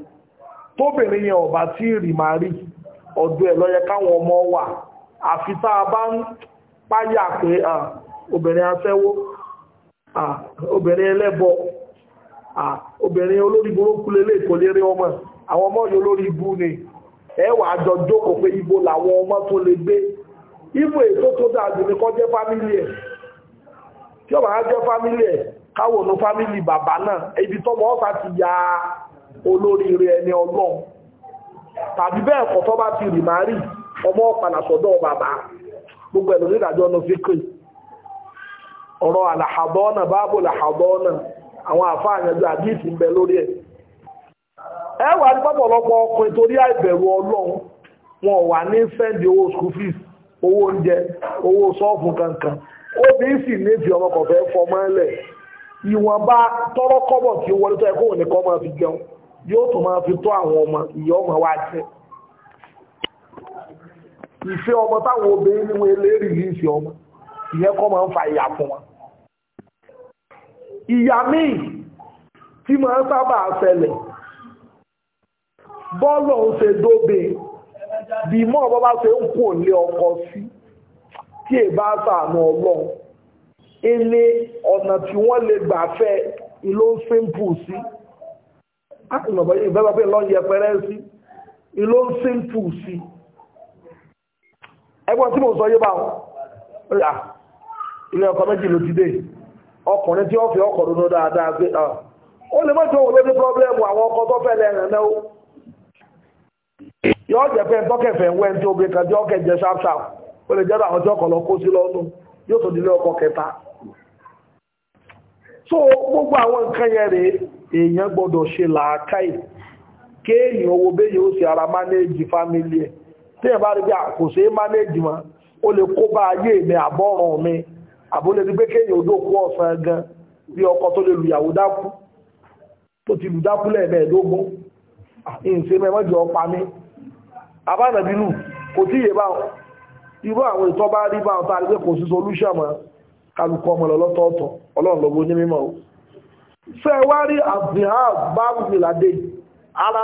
tóbìnrin yẹn ọ̀bá tí rì máa rí ọ̀dọ̀ ẹ̀ lọ́yẹ káwọn ọmọ wà àfi tá a bá ń páyà pé obìnrin aṣẹ́wó obìnrin ẹlẹ́bọ obìnrin olórí burúkú lélẹ̀ ìkọlẹ́rẹ́ ọmọ àwọn ọmọ yìí olórí ibú ni ẹwà àjọ jókòó pé ibo làwọn ọmọ tó lè gbé ibo ètò tó dáadì ní kọ́ jẹ́ fámílì ẹ̀ tí ọba jẹ́ fámílì ẹ̀ káwọn ní fámílì bàbá náà ibi tọ́mọ ọ́fà ti ya olórí rẹ̀ ẹni ọlọ́run tàbí bẹ́ẹ̀ kọ́ tọ́ bá ti rì máa rí ọmọ sọ́dọ̀ bàbá gbogbo àwọn afọ àyànjú àdíìsì ń bẹ lórí ẹ̀ ẹ wà ní pọ́pọ̀lọpọ̀ ọkùnrin torí àìbẹ̀rù ọlọ́run wọn wà ní sẹ́ndì owó school fees owó oúnjẹ owó kankan obì sì nífẹ̀ẹ́ ọmọ fọmọ tọrọ tí fi jẹun yóò tún máa fi àwọn ọmọ ìyá ọmọ wa jẹ ọmọ táwọn obìnrin ní wọn eléèrè ní ìfẹ́ ọmọ ìyẹn kọ́ ìyá míì tí máa ń sábà ṣẹlẹ̀ bọ́ọ̀lù ń ṣe dóbe bí mọ́ ọ̀bọ́ bá ṣe ń kò lé ọkọ sí tí è bá sàánú ọlọ́run ilé ọ̀nà tí wọ́n lè gbà fẹ́ ìlú simple sí ìbẹ́bẹ́ pé lọ́n yẹpẹrẹ sí ìlú simple sí ẹgbọ́n tí mo sọ yé bá wọn ilé ọkọ méjì ló ti dé ọkùnrin tí ó fi ọkọ̀ dúdú dáadáa pé ah, ó lè mọ́tò òun ló ní pọ́blẹ́mù àwọn ọkọ̀ tó fẹ́ lẹ́rìn náà yóò jẹ́ pé tọ́kẹ̀fẹ̀ ń wẹ́ ní tóbi kan tí ọkẹ̀ jẹ́ ṣáfṣá ó lè jẹ́rọ àwọn tí ọkọ̀ lọ kó sí lọ́nu yóò tó dilé ọkọ̀ kẹta so gbogbo àwọn nǹkan yẹn rèé èèyàn gbọ́dọ̀ ṣe làákàyè kéèyàn owó béèyàn ó sì ara mánéèjì fámílì ẹ̀ tí èèyàn bá rí bí àkòṣe mánéèjì mọ́ ó lè kó bá ayé mi àbọ̀ràn mi àbólé ti pé kéèyàn odó kú ọ̀sán gan bí ọkọ tó lè lùyàwó dákú tó ti lù dákú lẹ́ẹ̀mẹ́ẹ̀dógún ìǹṣe mẹ́mọ́jọ ọpa mi abánàbínú kò tí yé báwọn irú àwọn ìtọ́ bá rí báwọn tó àrígbé kò sí solúṣàn mọ́ kálukọ́ ọmọ lọ́tọ̀ọ̀tọ̀ ọlọ́run lọ́gbọ́n ní mímọ́ o fẹ́ wá rí abdihaz bábùládé ara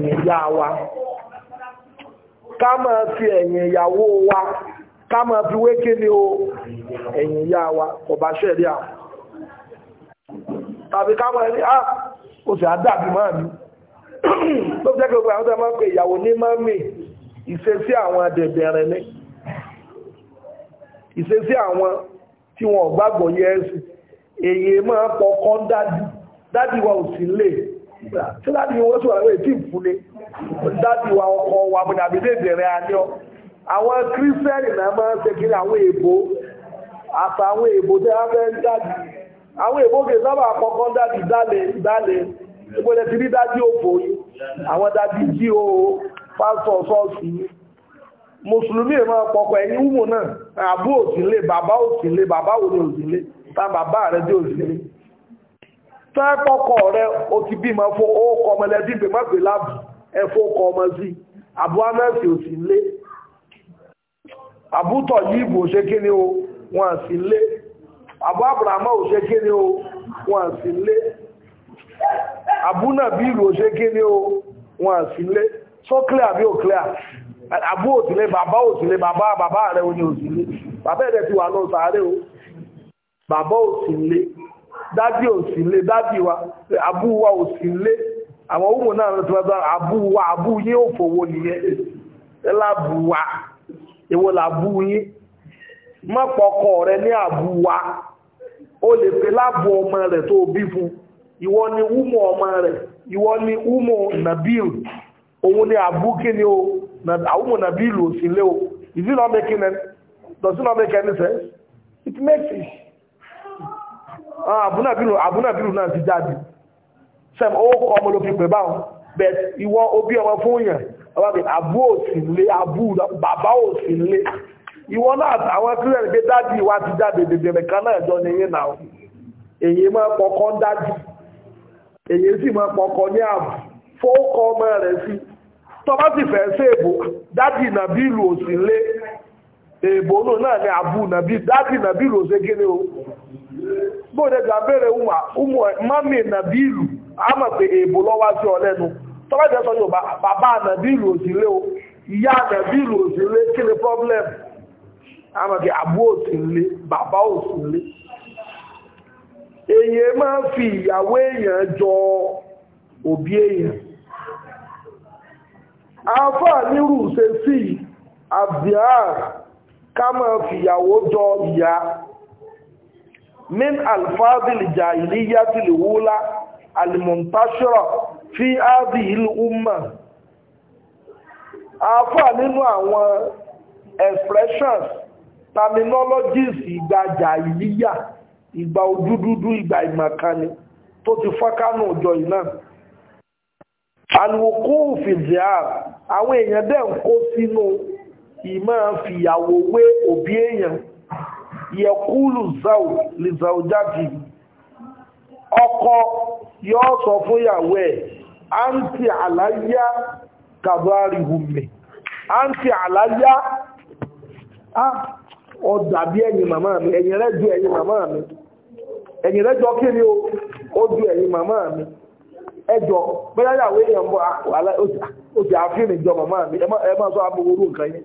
ni ká wa ká máa fi ẹ̀yìn ìyàwó wa ká máa fi wé kí ni o ẹ̀yìn ìyá wa kò bá ṣẹ̀rí àwọn tàbí ká máa ní à ah, ó sì àdàbí máa mi tó jẹ́ gbogbo àwọn tó máa ń pe ìyàwó ní máa mì ìṣesí àwọn adẹ̀bẹ̀rẹ̀ ni ìṣesí àwọn tí wọn gbàgbọ́ yẹ èyí máa pọ̀ dájú dájú wa ò sí lè tí láti owó sọ̀rọ̀ àwọn ètí ìfúnni dábì wa ọkọ̀ wa bùnàbí léde rẹ̀ aníọ́ àwọn kírísítẹ́nì náà máa ń ṣe kiri àwọn èèbó àtà àwọn èèbó tẹ́ wá fẹ́ dájú àwọn èèbó kè sábà kọ́kọ́ dájú dálé dálé ìpínlẹ̀ ti rí dájú òfò yìí àwọn dájú jí o pásítọ̀ ṣọ́ọ̀ṣì yìí mùsùlùmí ẹ̀ máa pọ̀pọ̀ ẹ̀yìn wùmù náà àbú òsìlé bàbá òsìlé bàbá òní òsìlé tá bàbá rẹ̀ dé òsìlé tẹ́kọ̀kọ̀ rẹ o ti bímọ fún ókọ ọmọlẹ́bí pè mọ́pẹ́ láàbù ẹ̀fọ́ ọkọ̀ ọmọ sí àbúhámẹ́sì ò sí lé àbútọ̀ yìí bò ṣe kí ni o wọ́n sí lé àbú àbùràmọ́ ò ṣe kí ni o wọ́n sí lé àbúnà bí ìlú ò ṣe kí ni o wọ́n sí lé so clear àbí ò clear àbú ò sí lé bàbá ò sí lé bàbá bàbá rẹ o ní ò sí lé bàbá ẹ̀dẹ̀ ti wà lọ sàárẹ̀ o bàbá ò sí lé dádì ò sí lé dádì wa abú wa ò sí lé àwọn ọmọ náà ló bá abú wa abú yín ò fowó nìyẹn ẹ lábù wa èwo làbú yín má pọkọ rẹ ní àbú wa ó lè pe lábù ọmọ rẹ tó bí fún ìwọ ni wúmọ ọmọ rẹ ìwọ ni wúmọ nàbíl òun ni àbú kíni o àwùmọ nàbíl ò sí lé o is it not making any does it not make any sense it makes sense àbúnàbírù ah, àbúnàbírù náà ti jáde sẹ́m ó kọ́ ọmọ ló fi pè báwọn bẹ́ẹ̀ ìwọ òbí ọmọ fún yàn ọba bí abú òsì nlé abú bàbá òsì nlé ìwọ náà àwọn kílẹ̀ gbé dádì wa ti jáde bèbè mẹ́kan náà jọ ní yín náà èyí máa pọkọ ń dádì èyí sì máa pọkọ ní àbù fọ́ọ̀kọ ọmọ rẹ̀ sí tọ́ba sì fẹ́ sí èbò dádì nàbí ìlú èbò náà ní abú nàbí dádì nàbí ìlú bóde gbàbẹ̀rẹ̀ umu mami nàbílù àmọ̀ pé èèbò lọ́wọ́ sí ọ lẹ́nu tọ́lájẹ́ sọ yóò bàbá nàbílù òsìlé o ìyá nàbílù òsìlé kí ni problem àmọ̀ pé àbú òsìlé bàbá òsìlé èèyàn máa ń fi ìyàwó èèyàn jọ òbí èèyàn àfáà nírù ṣe sí àbíà ká máa fìyàwó jọ ìyá min alfadil jahiliyyati lwula alimuntashira fi adìyí umma àáfà nínú àwọn expressions terminologies ìgbà jahiliyya ìgbà ojú dúdú ìgbà ìmọ̀kánni tó ti fọ́kánù òjò iná alùkú fìdíhàr àwọn èèyàn dẹ̀ ń kó sínú ìmọ̀ fìyàwó wé òbí èèyàn zau, yẹ̀kúlù lìzàújájì ọkọ yóò sọ fún ìyàwó ẹ̀ àǹtí àláyá kàbárì hùmẹ̀ àǹtí àláyá ọdàbí ẹ̀yìn màmá mi ẹ̀yìn rẹ̀ ju ẹ̀yìn màmá mi ẹ̀yìn rẹ̀ jọ kí ni ó ju ẹ̀yìn màmá mi ẹjọ́ bẹ́yàwó èèyàn bọ́ ó ti àfihàn ìjọ màmá mi ẹ máa sọ àbúrò nǹkan yẹn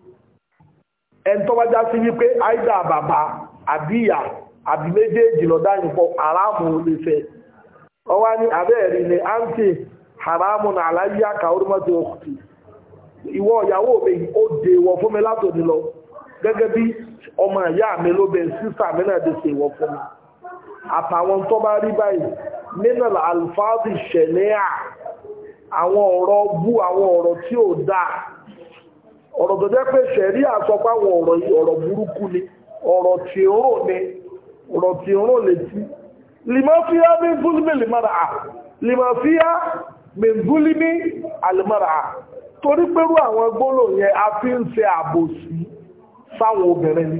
ẹni tó bá já sí wípé àìdá bàbá àbí ìyá àbí méjèèjì lọ́dá yìnbọn aráàmù lè fẹ́ ọwá ní abẹ́ẹ̀rí ni àǹtí haramu na aláyé àkà orímọ́tò òkùtì ìwọ ìyàwó mi ó dè wọ fún mi látòdì lọ gẹ́gẹ́ bí ọmọ ìyá mi ló bẹ̀ sísà mi náà dé sèwọ fún mi àtàwọn tó bá rí báyìí nínú alfáàdì ṣẹlẹ́à àwọn ọ̀rọ̀ bú àwọn ọ̀rọ̀ tí ò dáa ọ̀rọ̀ tó jẹ́ pé ṣẹ̀rí àsọpáwọn ọ̀rọ̀ yìí ọ̀rọ̀ burúkú ni ọ̀rọ̀ tí ń rò ni ọ̀rọ̀ tí ń rò létí lìmọ́fíà mi gúlímì lìmọ́ra lìmọ́fíà mi gúlímì àlìmọ́ra torí pẹ̀lú àwọn gbólò yẹn a fi ń ṣe àbòsí sáwọn obìnrin ni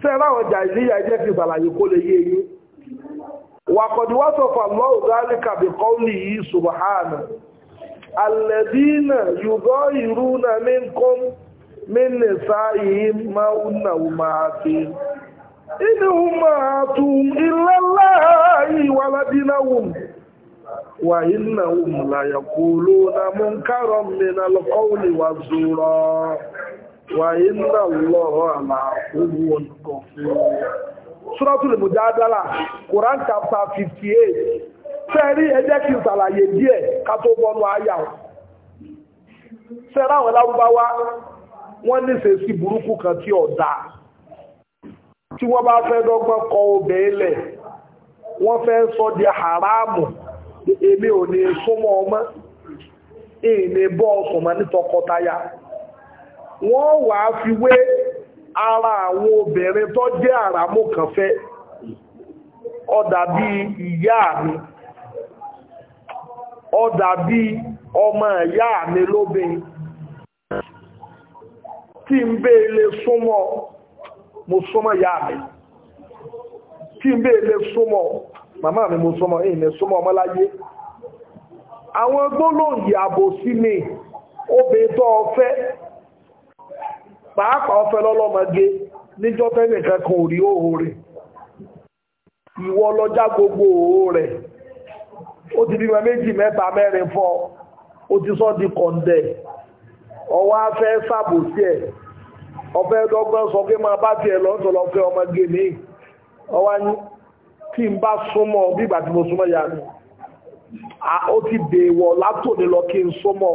sẹ́ra àwọn ọjà ìlíyà ẹjẹ́ fi ìbàlàyé kó lè yé yín wàkọ̀díwásọ̀fà lọ́ọ̀dálíkàbí kọ́ọ̀lì yìí subhanahu alẹ́dínà yùgọ́ iru na mínkún mínísà yìí máa ń nà ó máa fi. inú máa tún ìlàlá ìwà ládínà wù wà iná wù na mú kárọ̀ mìíràn lọ́kọ́ wù Suratul Mujadala, Quran chapter 58. fẹ́rí ẹjẹ́ kí n ṣàlàyé díẹ̀ ká tó bọ́nú ayà wọn fẹ́ráwọn lárúbáwá wọ́n nífẹ̀ẹ́ sí burúkú kan tí ọ̀dà tí wọ́n bá fẹ́ dọ́gbọ́n kọ obẹ̀ ilẹ̀ wọ́n fẹ́ sọ di haramu èmi ò ní súnmọ́ ọmọ ìní bọ́ ọ̀sùnmọ́ ní tọkọtaya wọ́n wà á fi wé ara àwọn obìnrin tó jẹ́ àràmù kan fẹ́ ọ̀dà bíi ìyá mi ọ dàbí ọmọ ìyá mi lóbin tí n bẹ́ ilé súnmọ́ mo súnmọ́ ìyá mi tí n bẹ́ ilé súnmọ́ màmá mi mo súnmọ́ èyí mi àwọn gbólóyìí àbòsí mi obìnrin tó ọfẹ́ pàápàá ọfẹ́ lọ́lọ́mọge níjọ́ tẹ́nìkan kan ò rí òhò ìwọ ó ti bímọ méjì mẹ́ta mẹ́rin fọ́ ó ti sọ́ di kọ̀ǹdẹ̀ ọwọ́ afẹ́ sàbòsí ẹ̀ ọ̀fẹ́ dọ́gbọ́n sọ pé máa bá tiẹ̀ lọ́n tó lọ fẹ́ ọmọ gèmí ọwọ́ ní tí n bá súnmọ́ bí ìgbà tí mo súnmọ́ ìyá mi ó ti dèèwọ̀ látòní lọ kí n súnmọ́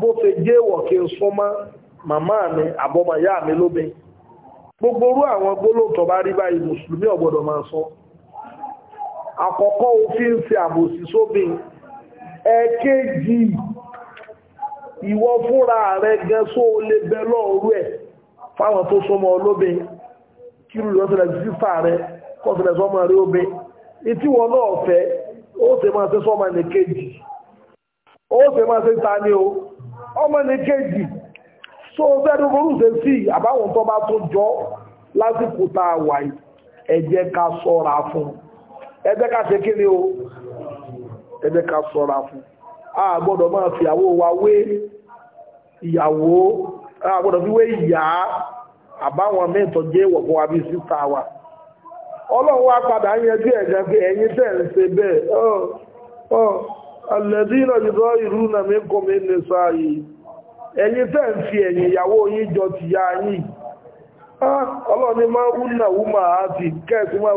bó ṣe jẹ́wọ̀ kí n súnmọ́ màmá mi àbọ̀mọ̀ ìyá mi lóbin gbogbo orú àwọn gbólóòtọ̀ bá rí báyìí mùsùlùmí ọ̀gbọ́dọ̀ máa sọ so àkọ́kọ́ òfin ṣe àbòsí sóbi ẹ̀kejì ìwọ fúnra rẹ̀ gan só lè bẹ lọ́ọ̀rú ẹ̀ fáwọn tó súnmọ́ olóbin kí rú lọ́sẹ̀lẹ̀ sísà rẹ̀ kọ́sẹ̀lẹ̀ sọmọ rẹ̀ obin ìtí wọn náà fẹ́ ó sì máa ṣe sọmọ ní kejì ó sì máa ṣe ta ní o ọmọ ní kejì tó fẹ́rú orúṣe sí àbáwọn tó bá tó jọ lásìkò tá a wà yìí ẹ jẹ́ ká ṣọ́ra fún un ẹgbẹ́ ká ṣe o ẹgbẹ́ ká sọ́ra a máa fi ìyàwó wa wé ìyàwó a fi wé ìyá àbáwọn mẹ́tọ̀ jẹ́ wọ̀pọ̀ wa bí síta wa ọlọ́run wa padà yanjú ẹ̀gàn pé ẹ̀yin tẹ̀ ń ṣe bẹ́ẹ̀ ọ́ ọ́ ìlú náà mi kọ́ mi ní sáàyè ẹ̀yin tẹ̀ ń fi ẹ̀yìn ìyàwó yín jọ tìyá yín ọlọ́run ni máa ń náà wú ti kẹ́ẹ̀sì máa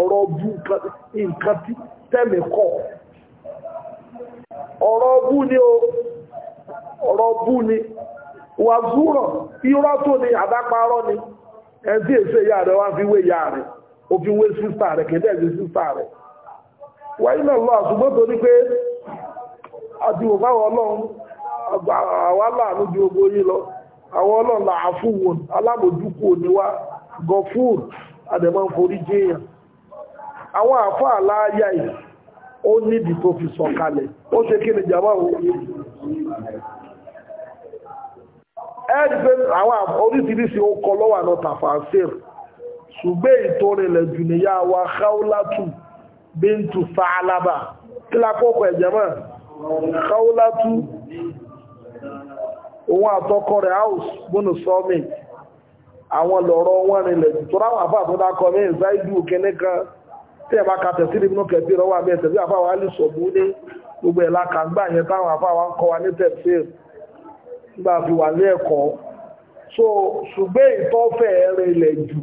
ọ̀rọ̀ bú nǹkan tí tẹ́mì ọ̀rọ̀ bú ni o ọ̀rọ̀ bú ni wà zúrọ̀ irọ́ tó ni àdáparọ́ ni ẹ̀sí èso rẹ̀ wá fi wé ìyá rẹ̀ ó fi wé sísà rẹ̀ kìí dẹ̀ sí sísà rẹ̀ wáyé náà lọ àṣùgbọ́n tó ní pé àdẹ̀mọ́ ń forí jẹ́yàn àwọn àfá àláyà yìí ó nídi tó fi sọ̀kalẹ̀ ó ṣe kí ni jàmá ẹ̀rì pé àwọn oríṣiríṣi okọ lọ́wà náà tàfàṣẹ́r ṣùgbẹ́ ìtòrìnlẹ̀ jù níyà wa káúlátù bíntù sáàlábà kí lápọ̀pọ̀ ẹ̀jẹ̀mọ́ káúlátù òun àtọkọ rẹ̀ house bónú summit àwọn lọ̀rọ̀ wọn rinlẹ̀ tó ráwọn àfà tó dákọ ní ìzáìdù kẹ́ní kan tí ẹ̀bá ka tẹ̀sí ní inú rọwà bẹ́ẹ̀ tẹ̀sí àfà wa lè sọ̀bù ní gbogbo ẹ̀la kàgbà yẹn táwọn àfà wa ń kọ́ wa ní tẹ̀sí so ṣùgbẹ́ ìtọ́fẹ́ rinlẹ̀ jù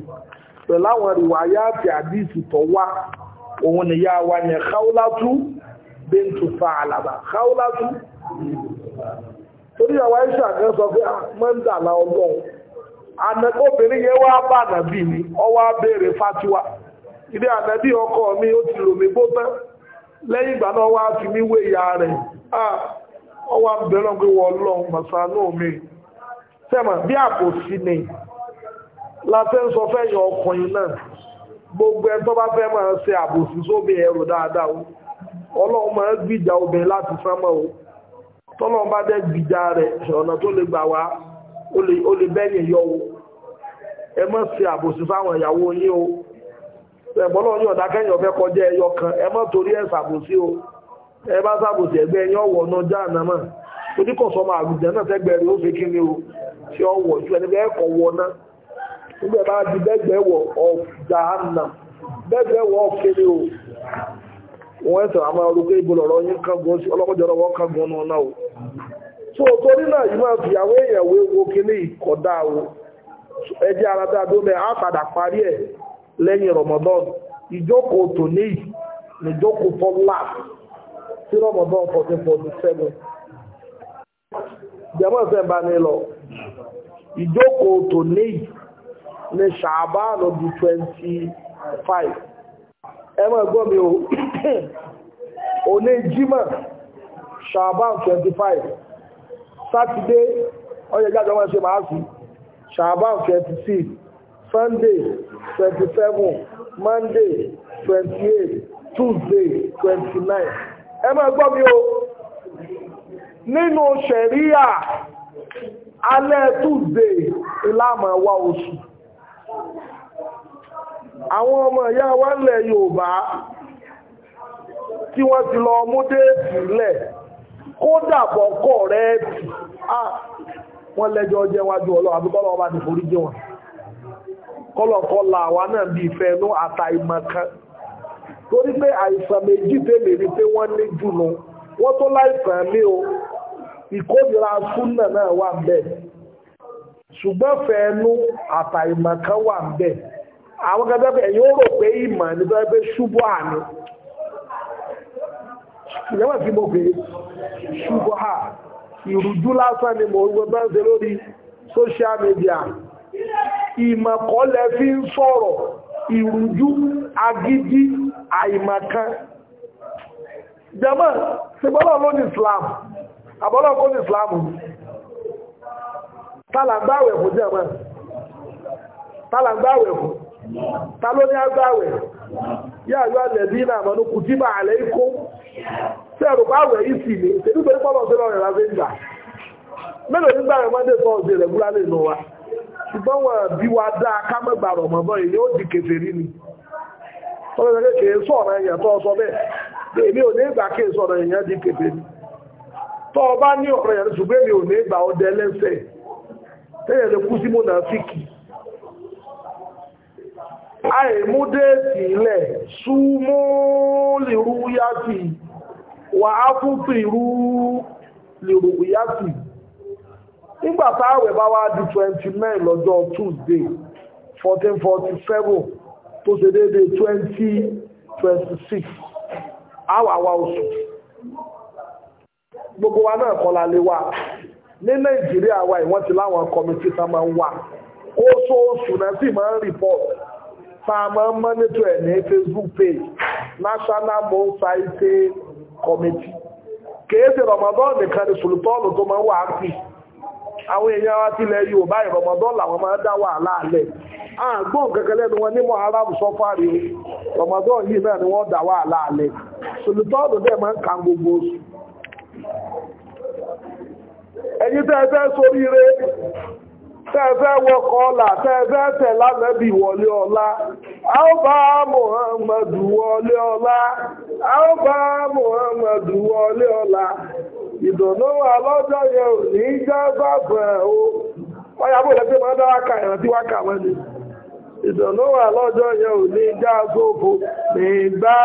pẹ̀lú àwọn rìwáyà àti àdìsì tó wá òun ni yá wa yẹn káwúlátú bíntu fàlàbà káwúlátú torí àwọn iṣẹ́ àgbẹ̀ sọ pé ah, obìnrin yẹn wá bá ànàbí mi ọwá béèrè fatiwa ilé ànàbí ọkọ mi ó ti lò mí lẹ́yìn ìgbà náà wá fi mí wé ìyá rẹ̀ ọwá ń bẹ̀rẹ̀ pé wọ́n mi sẹ́mà bí àbòsí ni láfẹ́ ń sọ fẹ́yìn ọkùnrin náà gbogbo ẹ tó bá fẹ́ máa ṣe àbòsí sóbi ẹrù dáadáa o ọlọ́run máa ń gbìjà obìnrin láti sánmọ́ o tọ́lọ́run bá dẹ́ gbìjà rẹ̀ ọ̀nà tó gbà ó lè yọ o ẹ má ṣe àbòsí fáwọn ìyàwó onye o ẹ̀gbọ́nà yín ọ̀dá kẹ́yìn ọ̀fẹ́ kọjá ẹyọ kan ẹ má torí ẹ̀ o ẹ bá ṣàbòsí ẹgbẹ́ yín ọ̀wọ̀ náà já àná mọ̀ oníkọ̀sọ́ máa àgùjẹ́ tẹ́gbẹ́ ó fi kí ni o tí ọ wọ̀ ju wọ náà bá di bẹ́gbẹ́ tó o torí náà yìí máa fìyàwó èèyàn wé wo ìkọ̀dá o ẹjẹ́ ara tá a mẹ́ parí ẹ̀ lẹ́yìn Ramadan ìjókòó tòní ìjókòó tó láàbù sí Ramadan fourteen forty seven jẹ́mọ́ ìfẹ́ bá ní lọ ìjókòó tòní ní ṣàbáàlù di five ẹ máa mi o òní jímọ̀ ṣàbáàlù twenty five. sátidé ọjọ́ ìjájọ́ wọn ṣe máa sí ṣàbán 26 sunday 27 monday 28 tuesday 29 ẹ máa gbọ́ mi o nínú ṣẹ̀ríà alẹ́ tuesday ìlàmà wa oṣù àwọn ọmọ ìyá wa ilẹ̀ yorùbá tí wọ́n ti lọ mú déètì lẹ̀ kódà bọ̀kọ́ rẹ̀ bì á wọ́n lẹ́jọ́ jẹ́ wájú ọlọ́run kọ́lọ́ ọba ti jẹ́ wọn kọ́lọ̀ àwa náà bí ìfẹ́ inú àtà ìmọ̀kan torí àìsàn méjì tèmi pé wọ́n ní jùlọ wọ́n tó láìsàn mí o ìkórìíra súnà náà wà ṣùgbọ́n kan wà àwọn yóò rò pé ìmọ̀ ṣubú ìyẹ́wẹ̀ tí mo pè ṣùgbọ́n ha ìrújú lásán ni mo gbọ́ bá ṣe lórí social media ìmọ̀kọ́lẹ̀ fi ń sọ̀rọ̀ ìrújú agídí àìmọ̀kan jẹ́mọ́ ti bọ́lọ̀ ló ní Islam àbọ́lọ̀ kó ní Islam tàlàgbáwẹ̀ fún jẹ́mọ́ ta tí ẹ̀rù pa àwẹ̀ yìí sì lè ṣètò pé pọ́lọ̀ sí lọ́rẹ̀ láti ń nígbà rẹ̀ wọ́n dé sọ ọ̀sẹ̀ rẹ̀ búra lè nù wa ṣùgbọ́n wọn bí wa dáa ká mẹ́gbà rọ̀ mọ́ bọ́ ó di ni èèyàn tó sọ di tó ọba ní ọ̀rọ̀ ṣùgbọ́n ò ní lẹ́sẹ̀ tẹ́yẹ̀ lè kú sí àìmúdé sílẹ̀ wà á fún fìrú lèrògbìyàtì nígbà táwẹ̀ bá wá di 29 lọ́jọ́ Tuesday 1447 tó ṣe déédéé 2026 àwàwà oṣù gbogbo wa náà kọlà lè wà ní Nàìjíríà wa ìwọ́n ti láwọn kọmitì tá máa ń wà oṣooṣù náà sì máa ń rìpọ́t tá a máa ń mọ́nítọ̀ ẹ̀ ní Facebook page National Mosaic kọ́mẹ́tì kèése Ramadan nìkan ni sultanu tó ma ń wà ápì àwọn èèyàn wa tilẹ̀ Yorùbá Ramadan làwọn máa ala wàhálà alẹ́ àgbọ̀n nkekele ni wọ́n ní Muharram sọ́fàrí Ramadan yìí náà ni wọ́n dá wàhálà sultanu dẹ̀ máa ń ka gbogbo oṣù ẹ̀yin tẹ́ sóríire tẹ́ẹ̀fẹ́ wọkọ̀ ọ̀la tẹ́ẹ̀fẹ́ tẹ̀ lánàbì wọlé ọ̀la àọ́bá muhammadu wọlé ọ̀la àọ́bá muhammadu wọlé ọ̀la ìdùnnú alọ́jọ́ yẹn ò ní jábà bẹ̀ o ọ̀yà bò máa dára ìdùnnú alọ́jọ́ ò ní nígbà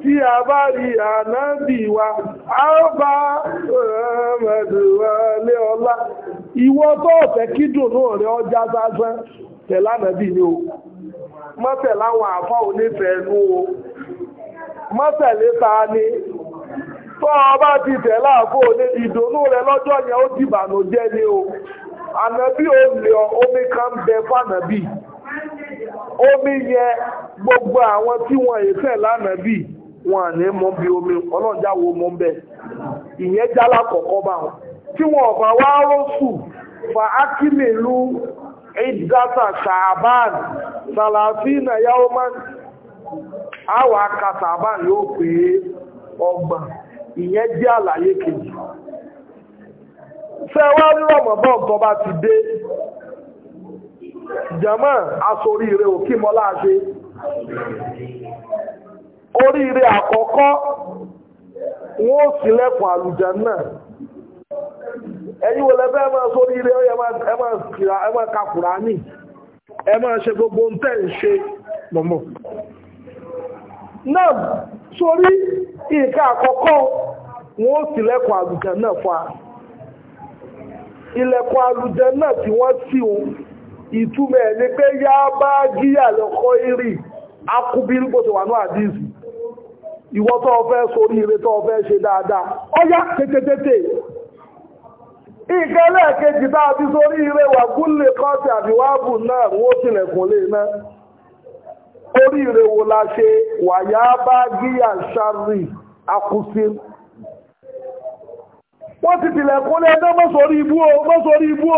tí a bá rí ànábì wa wọlé ọ̀la. ìwọ tó ọ̀fẹ́ kí dùnú rẹ̀ ọjà sásán tẹ̀lá nàbí ni o má tẹ̀lá àwọn àfá onífẹ̀ẹ́ nú o má tẹ̀lé ta ni tó ọba ti tẹ̀lá àfó ìdùnú rẹ̀ lọ́jọ́ yẹn ó dìbànújẹ́ ni o ànàbí ò lè omi kan bẹ fànàbí omi yẹ gbogbo àwọn tí wọn èfẹ́ lánàbí wọn àní mọ́ bí omi ọlọ́jà wo mọ́ bẹ́ẹ̀ ìyẹn jálá kọ̀ọ̀kọ́ bá wọn tí wọ́n bá wá rọ́sù fa akílèlú ìdásà sàbán sàlàfínà yaoman àwà ka sàbán yóò pé ọgbà ìyẹn jẹ́ àlàyé kejì sẹ́wá rírọ̀mọ̀bọ̀ tó bá ti dé jẹ́mọ́ asorí rẹ̀ òkí mọ́lá oríire àkọ́kọ́ wọ́n sílẹ̀kùn àlùjẹ́ náà ẹ̀yin wọlé bẹ́ẹ̀ máa sórí ilé ẹ máa ka Kùránì ẹ máa ṣe gbogbo ń tẹ̀ ń ṣe mọ̀mọ́. náà sórí nǹkan àkọ́kọ́ wọn ó sì lẹ́kọ̀ọ́ àlùjẹ náà fún wa ilẹ̀kùn àlùjẹ náà tí wọ́n sì ń ìtumọ̀ ẹ̀ ni pé yá bá gíyà lọ́kọ́ irì akúbírí bó wà ní àdíìsì ìwọ tó o fẹ́ sórí ire tó o fẹ́ ṣe dáadáa ó tètè tètè ikele kejì bá a ti sórí ire wà gúnlẹ̀ kọ́ọ̀tì àbíwáàbù náà wọ́n tilẹ̀kùn lè náà orí ire wo wọ́n ti tilẹ̀kùn lè náà mọ́ ibú o mọ́sọ̀rí o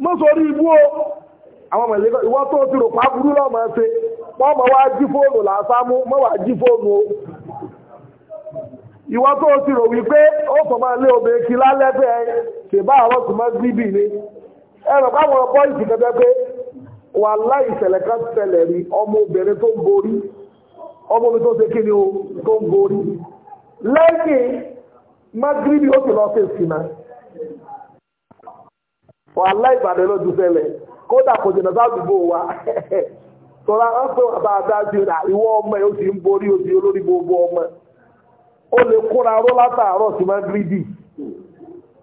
mọ́ ibú o àwọn ọmọ ìlẹ́kọ̀ọ́ ìwọ́n tó ti rò pa burú lọ́mọ wá jí fóònù mọ́ wá o ìwọ́n tó ti rò wípé ó máa ṣèbá àárọ̀ tó máa ni ẹ̀rọ bọ́ìsì pé wà láì rí ọmọ obìnrin tó ń borí ọmọ tó ṣe kí ni magribi ó ti lọ sí ìsinmi wà láì kódà kò jìnnà wa tọ́lá wà bá a ìwọ ọmọ ti ń borí ti olórí gbogbo ọmọ lè magribi.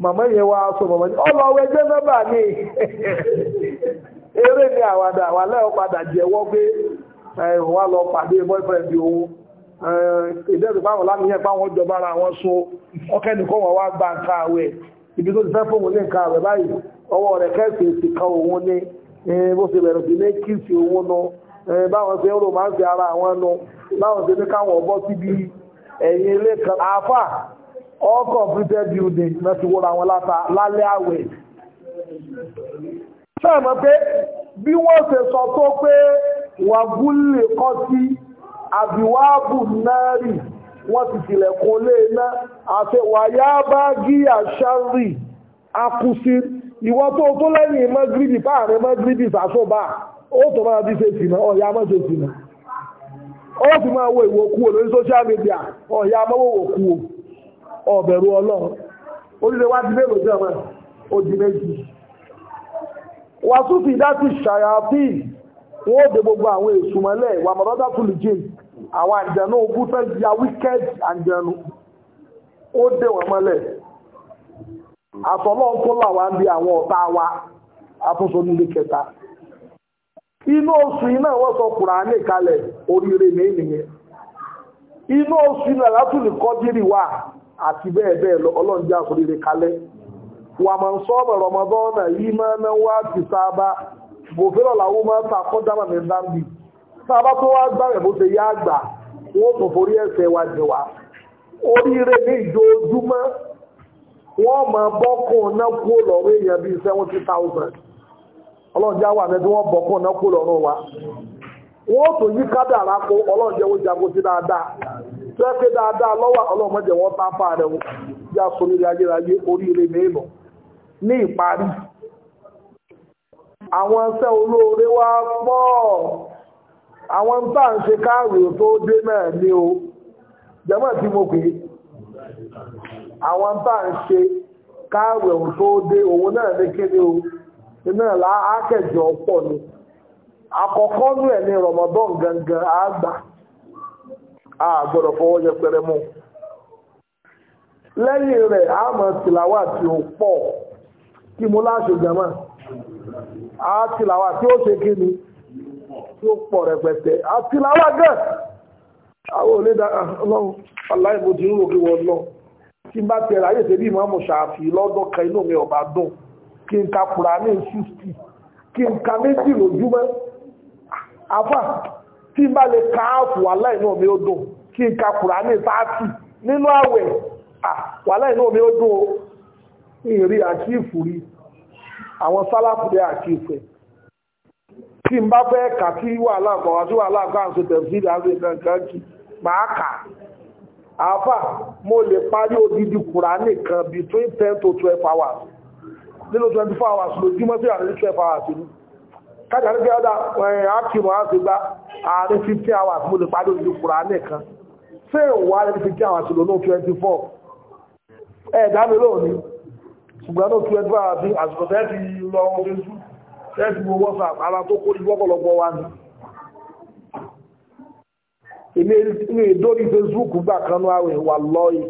màmá yẹn wá aṣọ màmá yẹn ọlọ ọwọ ẹgbẹ mẹba ni eré ni àwàdà wà lẹ́yìn padà jẹ́wọ́ pé wà lọ pàdé boyfriend owó ìdẹ́rù pàwọn lámìyàn pàwọn jọba ara wọn so ọkẹ́ nìkan wọn wá gba nǹkan àwẹ̀ ibi tó ti fẹ́ fóun ní nǹkan àwẹ̀ báyìí ọwọ́ rẹ̀ kẹ́sìtì kan òun ní bó ṣe bẹ̀rẹ̀ sí ní kíìsì òun nu báwọn ṣe ń romance ara àwọn nu báwọn ṣe ní káwọn bọ́ síbi ẹ̀yìn ilé kan àáfà all completed building náà ti wọ́ra wọn láta lálẹ́ àwẹ̀ sẹ́ẹ̀mọ́ pé bí wọ́n ṣe sọ tó pé wàgúlè kọ́ sí àbíwáàbù náà rì wọ́n ti tilẹ̀kùn lé iná àti wàyá bá gí àṣárì akúsí ìwọ́ tó tó lẹ́yìn mọ́gírídì páàrin mọ́gírídì sàṣọ́bà ó tó máa bí ṣe sìnà ọ̀yá mọ́ ṣe sìnà ó sì máa wo ìwòkú olórí social media ọ̀yá mọ́wòwòkú o ọ̀bẹ̀rù ọlọ́run orílẹ̀ wá ti bẹ̀rù ọjọ́ ọmọ òdì méjì wà tún fi dá sí ṣàyàfí wọ́n ó gbogbo àwọn èṣù mọ́lẹ̀ wà mọ́tọ́tà tún lè jìn àwọn àjẹnú ogún fẹ́ ya wicked àjẹnú ó dé wọn mọ́lẹ̀ àtọ́lọ́ tó là ń àwọn ọ̀tá wa àtúnṣe nílé kẹta inú oṣù iná wọ́n sọ Kùránì kalẹ̀ oríire ní ènìyàn inú oṣù iná látùlù kọ́dírì wà àti bẹ́ẹ̀ bẹ́ẹ̀ lọ ọlọ́run jẹ́ àkóríire kalẹ̀ wà máa ń sọ ọmọ rọmọdọ́nà yìí máa ń wá ti sáábà bòfẹ́rọ̀ làwọn máa ń ta kọ́dámà ní dáńbì sáábà tó wá gbà rẹ̀ bó ṣe yá àgbà wọ́n tún forí ẹsẹ̀ wa jẹ̀ wá oríire ní ìjọojúmọ́ wọ́n máa bọ́kùn náà kú èèyàn bíi seventy thousand àwọn wọ́n bọ́kùn náà kú wa wọ́n tó yí kádàrá kó ọlọ́run jẹ́ wọ́n dáadáa tó dáadáa lọ́wọ́ ọlọ́run wọ́n tá fà rẹ̀ oríire ní ìparí àwọn iṣẹ́ olóore wá pọ̀ àwọn ń ṣe káàrò tó dé náà o jẹ́mọ̀ tí mo pè é àwọn tá à ń ṣe káàrò tó dé òun náà ní kíni o iná àkọ́kọ́ ní ẹ̀ ní Ramadan gangan àgbà a gbọ́dọ̀ fọwọ́ yẹpẹrẹ mú lẹ́yìn rẹ̀ a máa tìlàwà tí ó pọ̀ kí mo láṣẹ jama a tìlàwà tí ó ṣe kí ni tí ó pọ̀ rẹpẹtẹ a tìlàwà gẹ̀ àwọn onídà ah, ọlọ́run aláìmọ̀ tí ń rò kí wọ́n lọ tí n bá tẹ̀ ráyè ṣe bí ìmọ̀ ṣàfi lọ́dọ̀ kan inú mi ọ̀bá dùn kí n ka Kùránì 60 kí n ka méjì lójúmọ́ àfà tí n bá lè ka áàfù wàhálà inú mi ó dùn kí n ka kùránì sáàtì nínú àwẹ̀ wàhálà inú mi ó dùn o ìrí àkíyèfù rí àwọn sálàfùdé àkíyèfù ẹ̀ tí n bá fẹ́ kà kí wàhálà kan wá sí wàhálà kan àti tẹ̀síìdì àti kankan kì máa kà àfà mo lè parí odidi kùránì kan between ten to twelve hours nínú twenty four hours lójúmọ́ sí àárín twelve hours nínú kájà ní kẹ́ọ́dá ákìmọ̀ á ti gba àárín 15 hours mo lè parí ojú kùrà nìkan ṣé ìwà rẹ̀ 15 hours lò lóò 24 ẹ̀ẹ̀dá mi lóò ní ṣùgbọ́n lóò 24 hours bí àsìkò tẹ́ẹ̀tì lọ ohun tó jú tẹ́ẹ̀tì mo WhatsApp ara tó kó ìwọ́pọ̀lọpọ̀ wa ni èmi ìdórí Facebook gbà kan ní àwẹ̀ wà lọ́yìn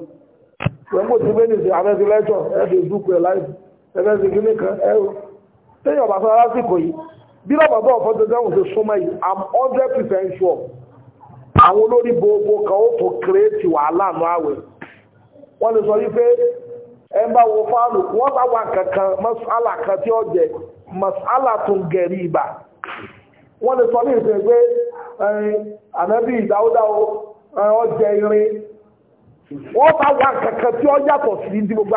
wọ́n bí bàbá ọ̀fọ́dọ̀ dáhùn ṣe súnmọ́ yìí i'm hundred percent sure àwọn olori gbogbo kan ó tó kírètì wàhálà nù àwẹ̀ wọ́n lè sọ wípé ẹ bá wo wà kankan masala kan tí ó jẹ masala tó gẹ̀rí ibà wọ́n lè sọ ní ìsìn pé ànábì ìdáwódá jẹ wọ́n bá wà kankan tí ó yàtọ̀ sí gbogbo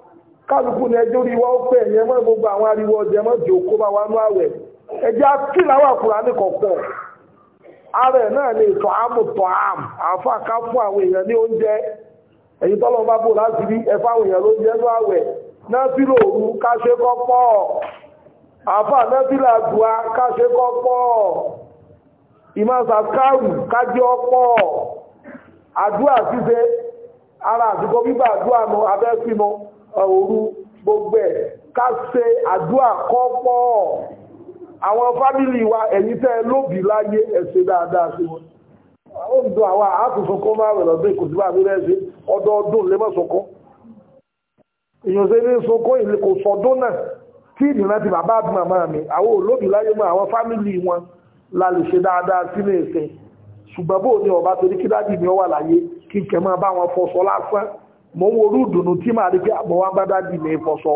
kálukú ní ẹjọ́ rí wọ́n pé ẹ̀yẹ mọ́ gbogbo àwọn ariwo ọ̀jẹ̀ mọ́ jò kó bá wa nú àwẹ̀ ẹjẹ́ kí làwọn àkùrà ní kọ̀ọ̀kan ara ẹ̀ náà ní ìtọ̀ àmù tọ̀ àmù àfa ká fún àwọn èèyàn ní oúnjẹ ẹ̀yìn tọ́lọ́ bá bò láti rí ẹ̀fọ́ àwọn èèyàn ló ń jẹ́ nú àwẹ̀ náà sí lòru ká ṣe kọ́pọ̀ àfa náà sí làdùá ká ṣe kọ́pọ̀ ìmọ̀sàkárù kájẹ́ ọ̀pọ̀ àdúrà ṣíṣe ara àdúgbò bíbà àdúrà nu abẹ́sínu òru gbogbo ẹ̀ ká ṣe àdúrà kọ́pọ̀ àwọn fámìlì wa ẹ̀yin tẹ́ lóbi láyé ẹ ṣe dáadáa sí wọn ó ń dun àwa àtúnṣọkọ́ máa rẹ̀ lọ́dún kò sí bá mi rẹ́ṣẹ́ ọdọọdún lè mọ́ṣọkọ́ èèyàn ní sunkún ìlú kò sọdún náà tí ìdìnnà ti bàbá àti màmá mi àwọn olóbi láyé mọ àwọn fámìlì wọn la lè ṣe dáadáa sí ní ìsìn ṣùgbọ́n bóò ni ọba torí kí dájú mi wà láyé kí kẹ́ máa bá wọn fọṣọ lásán mo ń worú ìdùnnú tí màá rí pé àbọ̀ wá bá dádì mi fọṣọ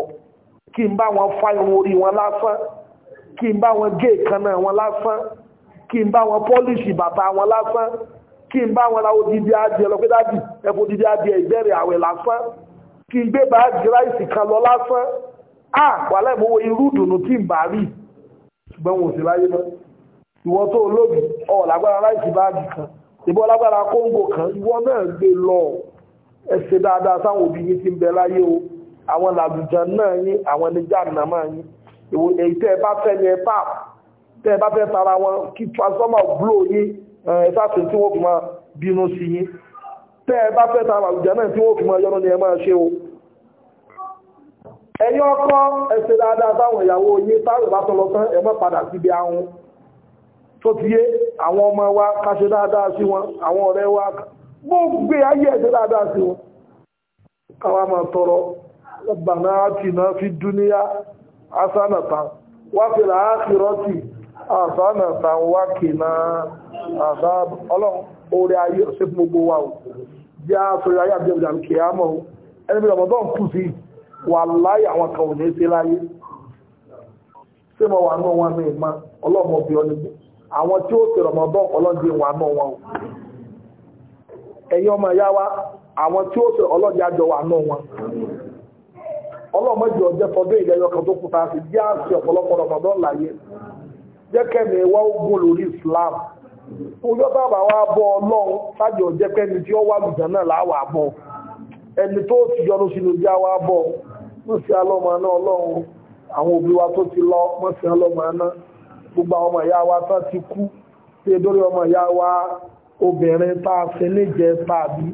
kí n bá wọn fá irun orí wọn lásán kí n bá wọn gé ìkànnà wọn lásán kí n bá wọn pọ́líṣì bàtà wọn lásán kí n bá wọn ra odidi adìẹ lọ pé dádì ẹ̀fọ́ odidi adìẹ ìbẹ̀rẹ̀ àwẹ̀ lásán kí n gbé báàgì ráìsì kan lọ lásán à wàhálà ìmọ̀wé irú ìdùnnú tí n bá rí ṣùgbọ́n wọn ò sí láyé mọ́ ìwọ tó olóbi ọ̀ lágbára ráìsì báàgì kan ìbọn lágbára kóńgò kan ìwọ náà gbé lọ ẹ ṣe dáadáa sáwọn òbí yín ti ń bẹ láyé o àwọn làlùjàn náà yín àwọn níjà nàmá yín ìwò èyí tẹ́ ẹ bá fẹ́ ní ẹ pap tẹ́ ẹ bá fẹ́ tara wọn kí transformer blow yín ẹ sáàtì tí wọ́n fi máa bínú sí yín tẹ́ ẹ bá fẹ́ tara làlùjàn náà tí wọ́n fi máa yọnu ni ẹ máa ṣe o. ẹ̀yin ọkọ ẹ ṣe dáadáa sáwọn ìyàwó yín táwọn ìbátan lọ tán ẹ má padà síbi ahun tó ti yé àwọn ọmọ wa ká dáadáa sí wọn àwọn ọ̀rẹ́ wa gbogbo ayé ẹ̀sẹ̀ dáadáa sí wọn káwà máa tọrọ Rabbana atina fi dúníyà asánàtà wá fi láàkìrọ́tì asánàtà wá kìnà ọlọ́run orí ayé ọ̀sẹ̀ fún gbogbo wa o jẹ́ àṣọyọ ayé àbí ọjà kìí àmọ́ o ẹni bí ọmọdé ń kù sí wà láyé àwọn kan ò ní ṣe láyé ṣé mo wà náà wọn ọlọ́mọbìnrin àwọn tí ó ṣe ọmọdé ọlọ́dún wà náà wọn ẹ̀yin ọmọ ya wa àwọn tí ó sọ ọlọ́jà jọ wà náà wọn ọlọ́mọdé ọjọ́ fọdún ilẹ̀ yọkan tó kúta sí bí a sì ọ̀pọ̀lọpọ̀ ọmọdé ọ̀làyé wa bọ́ ọlọ́run sájì ọjẹ́ tí ó wà náà láwà bọ́ ti bí a wá bọ́ alọ́mọ náà wa tó ti lọ alọ́mọ náà gbogbo ọmọ ìyá wa tán ti kú ọmọ ìyá wa obìnrin tá a fẹ́ lè jẹ tàbí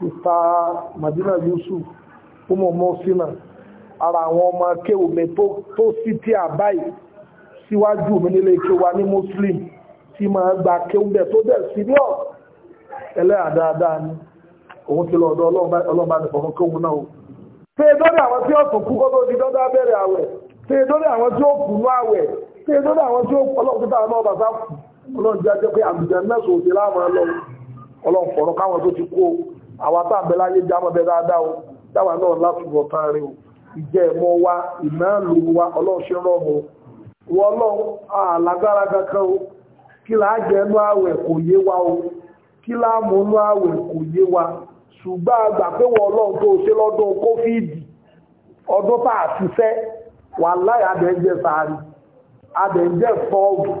sista Madina Yusuf ọmọ mọ́sínà ara àwọn ọmọ akéwò mi tó sí tí a báyìí síwájú mi nílé kéwà ní Muslim tí máa gba kéwùbẹ̀ tó bẹ̀ serious ẹlẹ́yà dáadáa ni òun ti lọ ọ̀dọ̀ ọlọ́ọ̀bá nìkan fún kéwù náà o. ṣé dọ́dọ̀ àwọn tí ọ̀sán kú kọ́ tó di dọ́dọ̀ abẹ́rẹ́ àwẹ̀ ṣé dọ́dọ̀ àwọn tí ó kù ní àwẹ̀ ṣé dọ́dọ̀ àwọn tí ó kù ọlọ́ọ̀tún ọlọ́run jẹ́ jẹ́ pé àbùjá mẹ́sàn òsè láàmú káwọn tó ti kó àwọn tá àbẹ̀ dáadáa o dáwà náà láti bọ̀ ìjẹ́ ẹ̀mọ́ wa ìmáàlú wa ọlọ́run ṣe wọ́n àlágbára kankan o kí inú kò yé wa o kí inú kò yé wa ṣùgbọ́n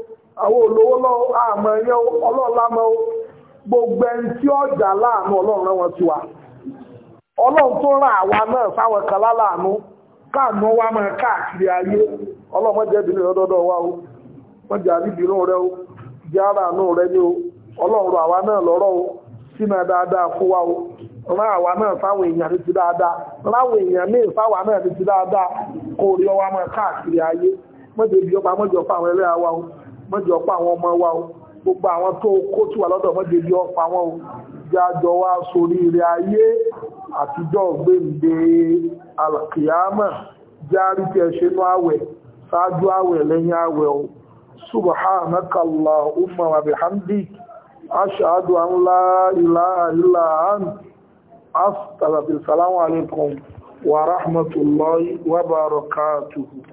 àwọn olówó lọ́wọ́ àmọ́ ẹ̀yẹ́ ọlọ́ọ̀lámọ́ gbogbo ẹni tí ọjà láàánú ọlọ́run rán ti wá ọlọ́run tó ràn àwa náà fáwọn kan láàánú káàánú wa máa káàkiri ayé ọlọ́run mọ́jẹ́ ìbínú ọdọ́dọ́ wa o mọ́jẹ́ rẹ o jẹ́ àràánú rẹ ni o ọlọ́run rọ náà lọ́rọ̀ o dáadáa fún wa o àwa náà fáwọn èèyàn mọ́jọ pa àwọn ọmọ wa o gbogbo àwọn tó kó tí wà lọ́dọ̀ mọ́jọ bí ọpa wọn o jájọ wá sórí ire ayé àtijọ́ gbèǹde alkiyama járí tí ẹ ṣe nú àwẹ̀ ṣáájú àwẹ̀ lẹ́yìn àwẹ̀ o subhanakallahumma wa bihamdik ashhadu an la ilaha illa ant astaghfiruka wa rahmatullahi wa barakatuhu